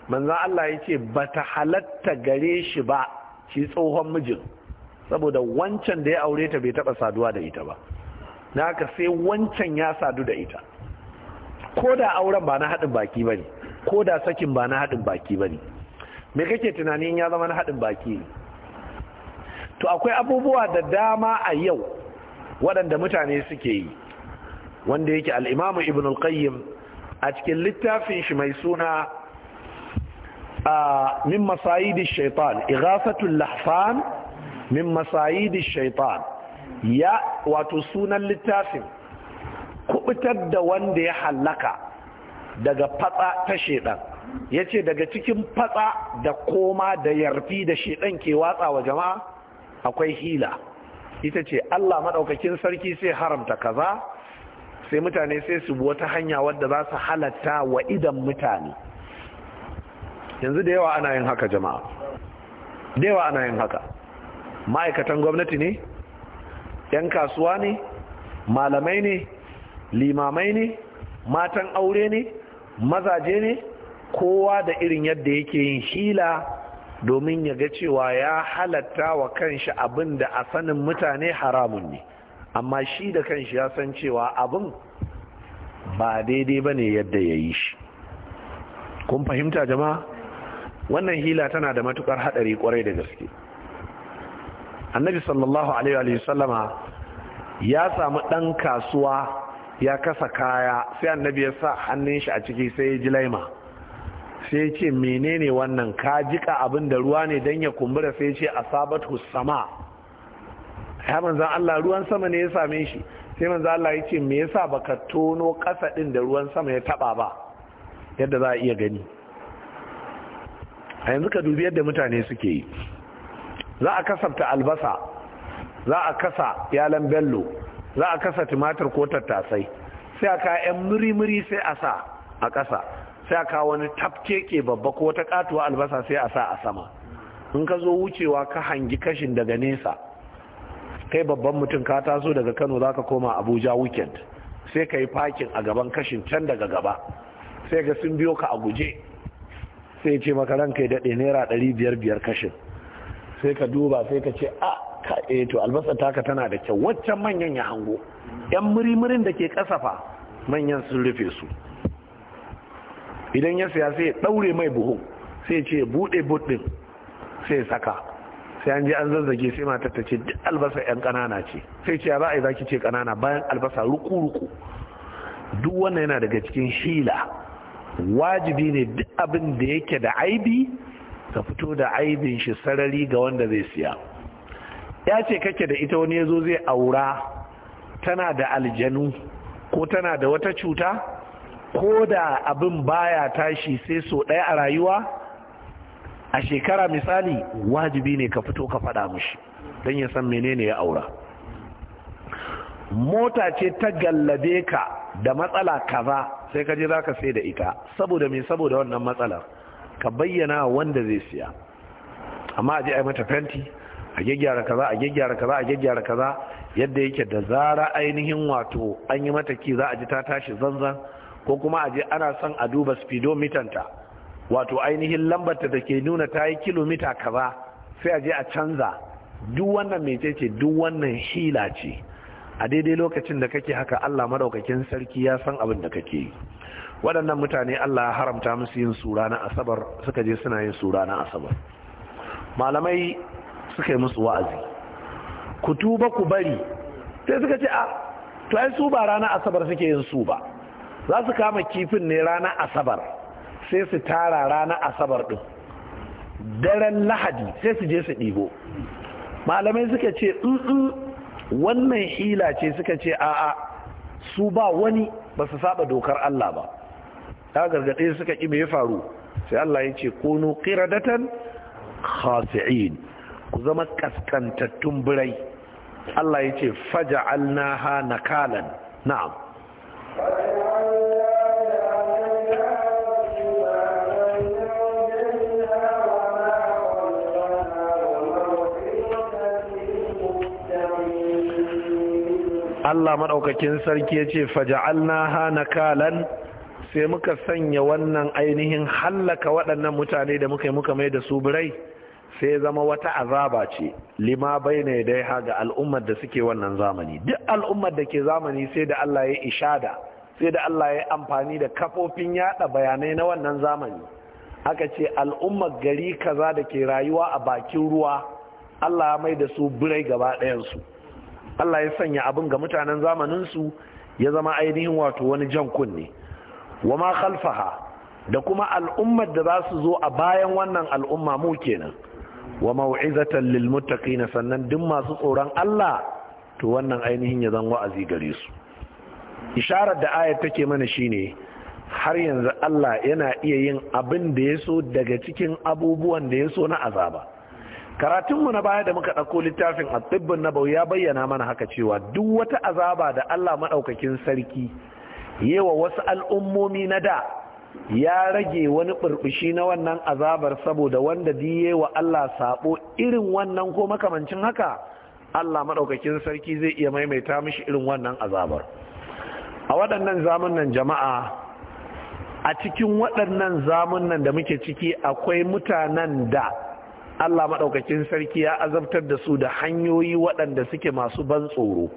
Speaker 1: manzan Allah ya ce ba ta halatta gare shi ba shi tsohon mijin saboda wancan da ya aure ta bai taba saduwa da ita ba na haka sai wancan ya sadu da ita ko da auren ba na haɗin baki ba ne ko da sakin ba na haɗin baki ba ne me kake tunanin ya zama na haɗin baki ne to akwai abubuwa da dama a yau waɗanda mutane suke yi wanda yake al'imamu ibn al-qayyim a cikin littafin shi mai suna min مصايد shaitan ighafatul اللحفان min مصايد shaitan يا wato sunan littafin دوان da wanda ya hallaka daga fatsa ta shedan ya daga cikin fatsa da koma da yarfi da shedan ke watsa wa jama'a akwai hila ita ce Allah maɗaukakin sarki sai haramta kaza sai mutane sai su bi wata hanya wadda za su halatta wa idan mutane yanzu da yawa ana yin haka jama'a da yawa ana yin haka ma'aikatan gwamnati ne yan kasuwa ne malamai ne limamai ne matan aure ne mazaje ne kowa da irin yadda yake yin hila domin ya ga cewa ya halatta wa kanshi abin da a sanin mutane haramun ne amma shi da kanshi ya san cewa abin ba daidai ba ne yadda ya yi shi kun fahimta jama'a wannan hila tana da matukar hadari kwarai da gaske annabi sallallahu alaihi wa sallama ya samu dan kasuwa ya kasa kaya sai annabi ya sa hannun shi a ciki sai ya ji laima sai ya ce menene wannan ka jika abin da ruwa ne dan ya kumbura sai ya ce asabatu sama ya manzan Allah ruwan sama ne ya same shi sai manzan Allah ya ce me yasa baka tono kasa din da ruwan sama ya taba ba yadda za a iya gani a yanzu ka dubi yadda mutane suke yi za a kasafta albasa za a kasa yalan bello za a kasa tumatir ko tattasai sai a ka yan muri-muri sai a sa a kasa sai a ka wani tafkeke babba ko wata katuwa albasa sai a sa a sama in ka zo wucewa ka hangi kashin daga nesa kai babban mutum ka taso daga kano za ka koma abuja weekend sai ka yi fakin a gaban kashin can daga gaba sai ga sun biyo ka a guje sai ce makaran ka ya daɗe naira ɗari biyar biyar kashin sai ka duba sai ka ce a ah, ka eto eh, to albasa taka tana da kyau waccan manyan ya hango yan murimurin da ke kasafa manyan sun rufe su idan ya siya sai ya ɗaure mai buhu sai ce buɗe buɗin sai saka sai an ji an zazzage sai matar ta ce duk albasa yan ƙanana ce sai ce za a yi zaki ce ƙanana bayan albasa ruku ruku duk wannan yana daga cikin shila. wajibi ne duk abin da yake da aibi ka fito da aibin shi sarari ga wanda zai siya ya ce kake da ita wani yazo zai aura tana da aljanu ko tana da wata cuta ko da abin baya tashi sai so ɗaya a rayuwa a shekara misali wajibi ne ka fito ka faɗa mushi don ya san menene ya aura mota ce ta gallabe ka da matsala kaza sai ka je za ka sai da ita saboda me saboda wannan matsalar ka bayyana wanda zai siya amma a je a yi mata fenti a gyaggyara kaza a gyaggyara kaza a gyaggyara kaza yadda yake da zara ainihin wato an yi mata ki za a ji ta tashi zanzan ko kuma a je ana son a duba speedometer ta wato ainihin lambarta da ke nuna ta yi kilomita kaza sai a je a canza duk wannan mecece duk wannan hila ce a daidai lokacin da kake haka Allah madaukakin sarki ya san abin da kake yi waɗannan mutane Allah ya haramta musu yin sura na asabar suka je suna yin sura na asabar malamai suka yi musu wa'azi ku tuba ku bari sai suka ce a ah, to ai su ba ranar asabar suke yin su ba za su kama kifin ne ranar asabar sai su tara ranar asabar din daren lahadi sai su je su ɗigo. malamai suka ce in wannan hila ce suka ce a'a su ba wani ba su saba dokar Allah ba ta gargaɗe suka ƙi mai faru sai Allah ya ce kunu datan khasi'in ku zama kaskantattun birai Allah ya ce faja'alnaha nakalan na'am Allah maɗaukakin sarki ya ce faja'alna hana kalan sai muka sanya wannan ainihin hallaka waɗannan mutane da muka yi muka mai da su birai sai zama wata azaba ce lima bai ne ya ha ga al'ummar da suke wannan zamani duk al'ummar da ke zamani sai da Allah ya ishada sai da Allah ya amfani da kafofin yada bayanai na wannan zamani aka ce al'ummar gari kaza da ke rayuwa a bakin ruwa Allah ya mai da su birai gaba ɗayansu Allah ya sanya abin ga mutanen zamaninsu ya zama ainihin wato wani jan kunne wa ma khalfaha da kuma al'ummar da za su zo a bayan wannan al'umma mu kenan wa mau'izatan lil muttaqin sannan duk masu tsoron Allah to wannan ainihin ya zan wa'azi gare su isharar da ayat take mana shine har yanzu Allah yana iya yin abin da ya so daga cikin abubuwan da ya so na azaba karatunmu na baya da muka ɗauko littafin tsibbin na ya bayyana mana haka cewa duk wata azaba da Allah maɗaukakin sarki yewa wasu al'ummomi na da ya rage wani burbushi na wannan azabar saboda wanda diye wa Allah sabo irin wannan ko makamancin haka Allah maɗaukakin sarki zai iya maimaita mishi irin wannan azabar a waɗannan zamunan jama'a a cikin waɗannan zamunan da muke ciki akwai mutanen da Allah maɗaukakin sarki ya azabtar da su da hanyoyi waɗanda suke masu ban tsoro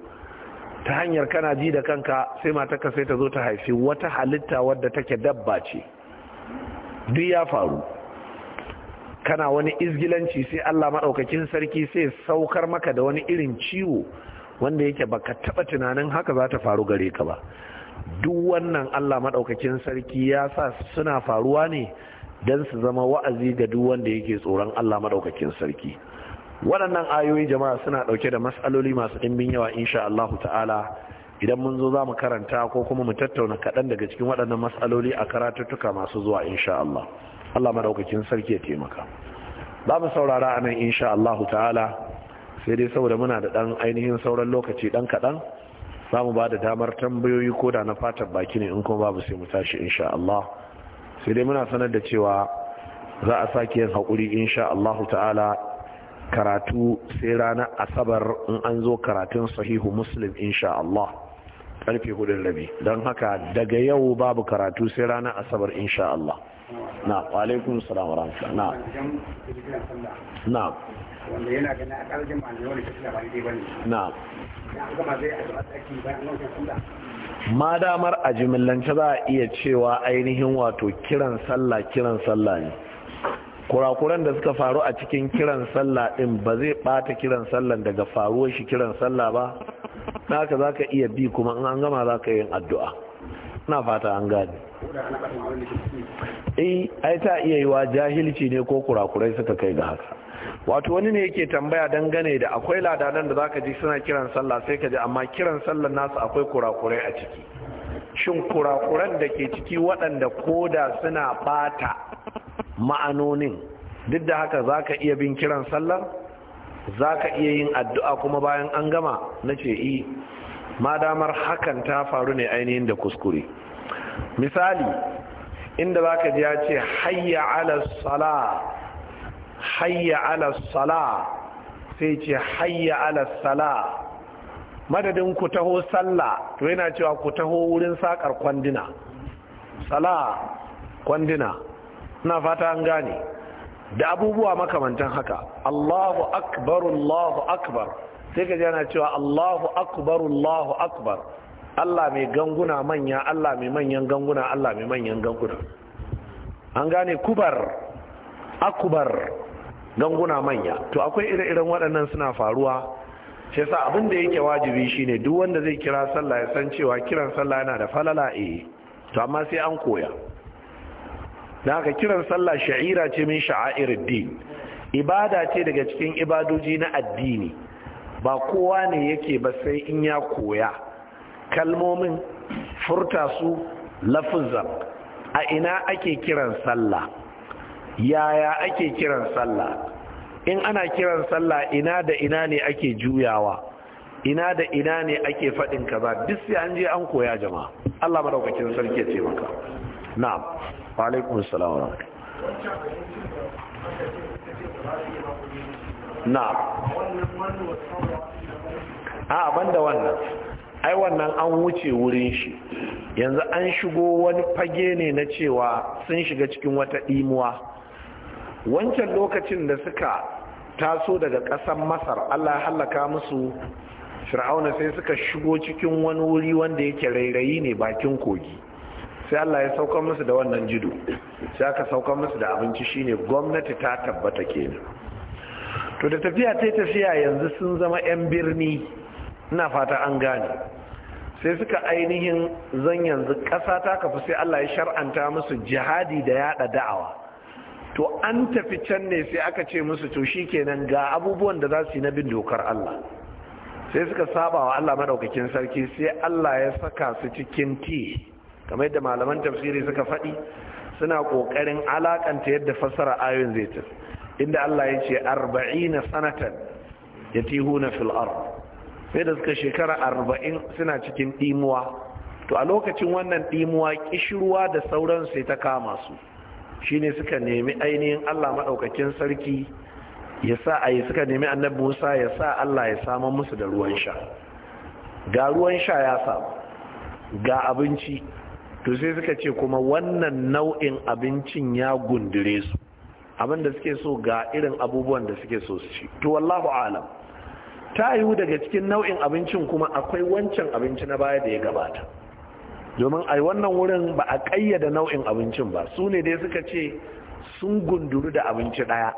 Speaker 1: ta hanyar kana ji da kanka sai mata ka sai ta zo ta haifi wata halitta wadda take dabba ce duk ya faru kana wani izgilanci sai Allah maɗaukakin sarki sai saukar maka da wani irin ciwo wanda yake baka taɓa tunanin haka za ta faru gare ka ba duk wannan Allah maɗaukakin sarki ya sa suna faruwa ne don su zama wa'azi ga duk wanda yake tsoron Allah maɗaukakin sarki waɗannan ayoyi jama'a suna ɗauke da matsaloli masu ɗimbin yawa insha Allah ta'ala idan mun zo za mu karanta ko kuma mu tattauna kaɗan daga cikin waɗannan matsaloli a karatuttuka masu zuwa insha Allah Allah maɗaukakin sarki ya taimaka za mu saurara a nan insha Allah ta'ala sai dai saboda muna da ɗan ainihin sauran lokaci ɗan kaɗan za mu ba da damar tambayoyi ko da na fatan baki ne in kuma babu sai mu tashi insha Allah sai dai muna sanar da cewa za a sake yin haƙuri insha allah ta'ala karatu sai ranar asabar in an zo karatun sahihu muslim insha Allah karfe hudun rabi don haka daga yau babu karatu sai ranar asabar insha Allah na alaikun salam wa rahmatullah na na wanda yana ganin a ƙarfin malamai wani tafiya ba ne na da an zai a gaba tsaki ma damar a jimillance za a iya cewa ainihin wato kiran sallah kiran sallah ne kurakuran da suka faru a cikin kiran sallah din ba zai bata kiran sallah daga faruwar shi kiran sallah ba ka za ka iya bi kuma in an gama za ka yin addu'a na fata an gani eh ai ta iya yiwa jahilci ne ko kurakurai suka kai ga haka wato wani ne yake tambaya dangane da akwai ladanan da zaka ji suna kiran sallah sai ka ji amma kiran sallar nasu akwai kurakurai a ciki shin kurakuran da ke ciki waɗanda ko da suna bata ma'anonin duk da haka zaka iya bin kiran sallar zaka iya yin addu'a kuma bayan an gama na ce i eh, madamar hakan ta faru ne ainihin da kuskure misali inda zaka ji ya ce hayya ala salah hayya ala sala sai ce hayya ala sala madadin ku taho sallah to yana cewa ku taho wurin sakar kwandina sala kwandina na fata an gane da abubuwa makamantan haka Allahu akbar Allahu akbar sai ka jana cewa Allahu akbar Allahu akbar Allah mai ganguna manya Allah mai manyan ganguna Allah mai manyan ganguna an gane kubar akubar. ganguna manya to akwai ire-iren waɗannan suna faruwa shi sa abin da yake wajibi shine duk wanda zai kira sallah ya san cewa kiran sallah yana da falala eh to amma sai an koya da haka kiran sallah sha'ira ce min sha'airid din ibada ce daga cikin ibadoji na addini ba kowa ne yake ba sai in ya koya kalmomin furta su lafuzan a ina ake kiran sallah yaya ake kiran sallah in ana kiran sallah ina da ina ne ake juyawa ina da ina ne ake faɗin kaza duk sai an je an koya jama'a Allah madaukakin sarki ya taimaka na'am wa alaikum assalam na'am a banda wannan ai wannan an wuce wurin shi yanzu an shigo wani fage ne na cewa sun shiga cikin wata imuwa wancan lokacin da suka taso daga ƙasar masar allah halaka musu shira'una, sai suka shigo cikin wani wuri wanda yake rairayi ne bakin kogi sai allah ya sauka musu da wannan jido sai aka sauka musu da abinci shine gwamnati ta tabbata kenan to da tafiya ta tafiya yanzu sun zama 'yan birni ina fata an gane sai suka ainihin zan yanzu ƙasa ta kafu sai allah ya shar'anta musu jihadi da yada da'awa to an tafi can ne sai aka ce musu to shi kenan ga abubuwan da za su yi na bin dokar Allah sai suka saba wa Allah madaukakin sarki sai Allah ya saka su cikin ti kamar yadda malaman tafsiri suka faɗi suna ƙoƙarin alakanta yadda fassara ayoyin zai ta inda Allah ya ce arba'ina sanatan yatihuna fil ard sai da suka shekara arba'in suna cikin ɗimuwa to a lokacin wannan ɗimuwa ƙishirwa da sauran sai ta kama su shine suka nemi ainihin Allah maɗaukakin sarki ya sa a yi suka nemi annabi Musa ya sa Allah ya samu musu da ruwan sha ga ruwan sha ya samu ga abinci to sai suka ce kuma wannan nau'in abincin ya gundure su abinda suke so ga irin abubuwan da suke so su ci to wallahu alam ta yiwu daga cikin nau'in abincin kuma akwai wancan abinci na baya da ya gabata domin a wannan wurin ba a ƙayyada nau'in abincin ba su ne dai suka ce sun gunduru da abinci ɗaya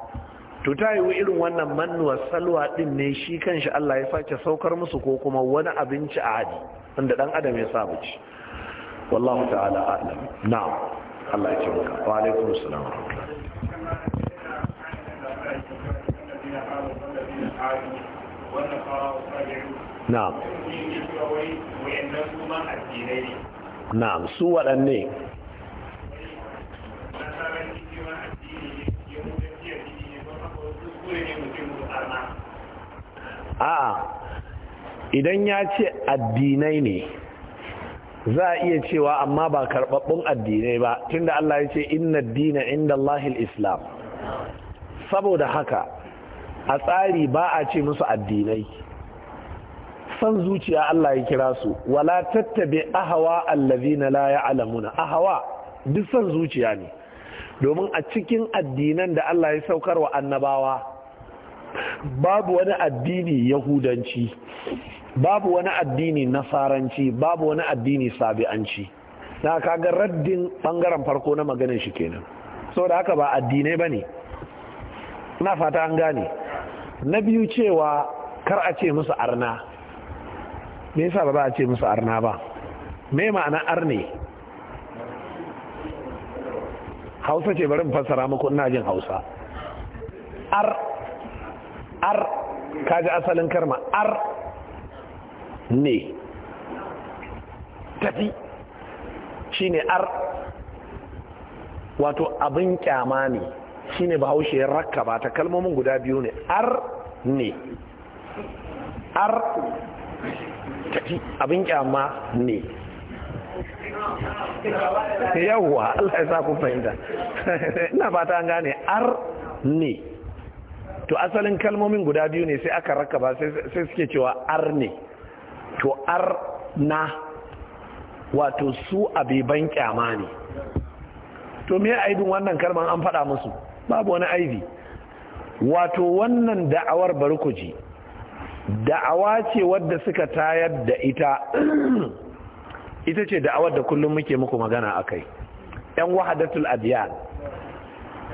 Speaker 1: to ta yiwu irin wannan mannuwa salwa ɗin ne shi kan shi Allah ya sace saukar musu ko kuma wani abinci a hadi inda ɗan adam ya samu ci wallahu ta'ala a'lam na'am Allah ya ce wa alaikum assalam na'am na'am su waɗanne a'a idan ya ce addinai ne za a iya cewa amma ba karɓaɓɓun addinai ba tunda Allah ya ce inna dina inda Allahil Islam saboda haka a tsari ba a ce musu addinai san zuciya Allah ya kira su wala tattabi ahawa allazina la ya'lamuna ahawa duk san zuciya ne domin a cikin addinan da Allah ya saukar wa annabawa babu wani addini yahudanci babu wani addini nasaranci babu wani addini sabi'anci na kaga raddin bangaren farko na maganin shi kenan saboda haka ba addinai bane na fata an gane na biyu cewa kar a ce musu arna me yasa ba za a ce musu arna ba me ma'ana arne hausa ce bari fassara muku ina jin hausa ar ar kaji asalin karma ar ne tafi Shi ne ar wato abin kyama ne Shi ne bahaushe ya rakka ba ta kalmomin guda biyu ne ar ne ar tafi abin kyama ne yawwa Allah ya sa ku fahimta ina fata an gane ar ne to asalin kalmomin guda biyu ne sai aka rakaba sai suke cewa ar ne to ar na wato su abiban kyama ne to me aibin wannan kalman an faɗa musu babu wani aibi wato wannan da'awar barkuji da'awa ce wadda suka tayar da ita ita ce da'awar da kullum muke muku magana a kai 'yan wahadatul adiyan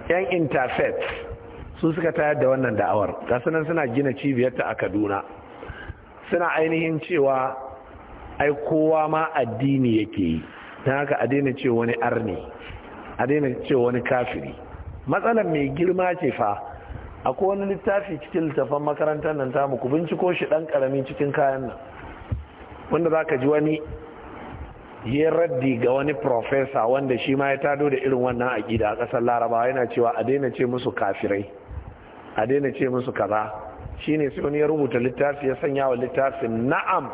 Speaker 1: 'yan interfet su suka tayar da wannan da'awar gasunan suna gina cibiyarta a kaduna suna ainihin cewa ai kowa ma addini yake yi don haka a daina ce wani arni a daina ce wani kafiri matsalar mai girma ce fa akwai wani littafi cikin littafan makarantar nan tamu ku binciko shi dan karami cikin kayan nan wanda za ka ji wani ya raddi ga wani profesa wanda shi ma ya tado da irin wannan aƙida a ƙasar larabawa yana cewa a daina ce musu kafirai a daina ce musu kaza shi ne sai wani ya rubuta littafi ya sanya wa littafi na'am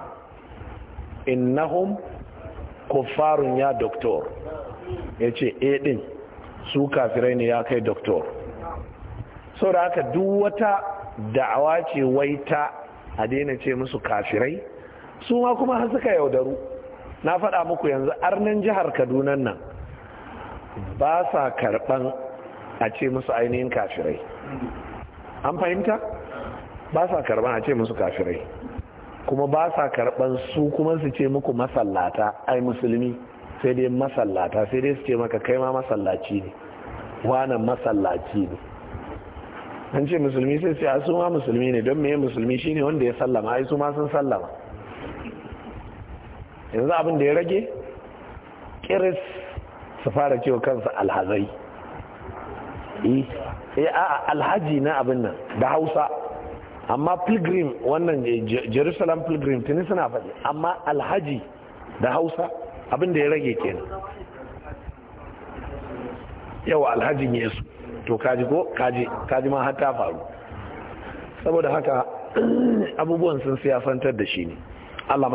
Speaker 1: innahum kuffarun ya doktor ya ce e eh ɗin su kafirai ne ya kai doktor sau da haka duk wata da'awa ce wai ta a daina ce musu kafirai su ma kuma har suka yaudaru na faɗa muku yanzu arnan jihar kaduna nan ba sa karɓan a ce musu ainihin kafirai an fahimta ba sa karɓan a ce musu kafirai kuma ba sa karɓan su kuma su ce muku masallata ai musulmi sai dai masallata sai dai su ce maka kai ma masallaci ne wanan masallaci ne an ce musulmi sai sai su ma musulmi ne don meye musulmi shine wanda ya sallama ai su ma sun sallama yanzu abin da ya rage kiris su fara cewa kansu alhazai eh, eh a alhaji na abin nan da hausa amma pilgrim wannan jerusalem pilgrim tuni suna faɗi amma alhaji da hausa abin da ya rage kenan yawa alhajin yesu to kaji ko kaji kaji ma har ta faru saboda haka abubuwan sun siyasantar da shi ne Allah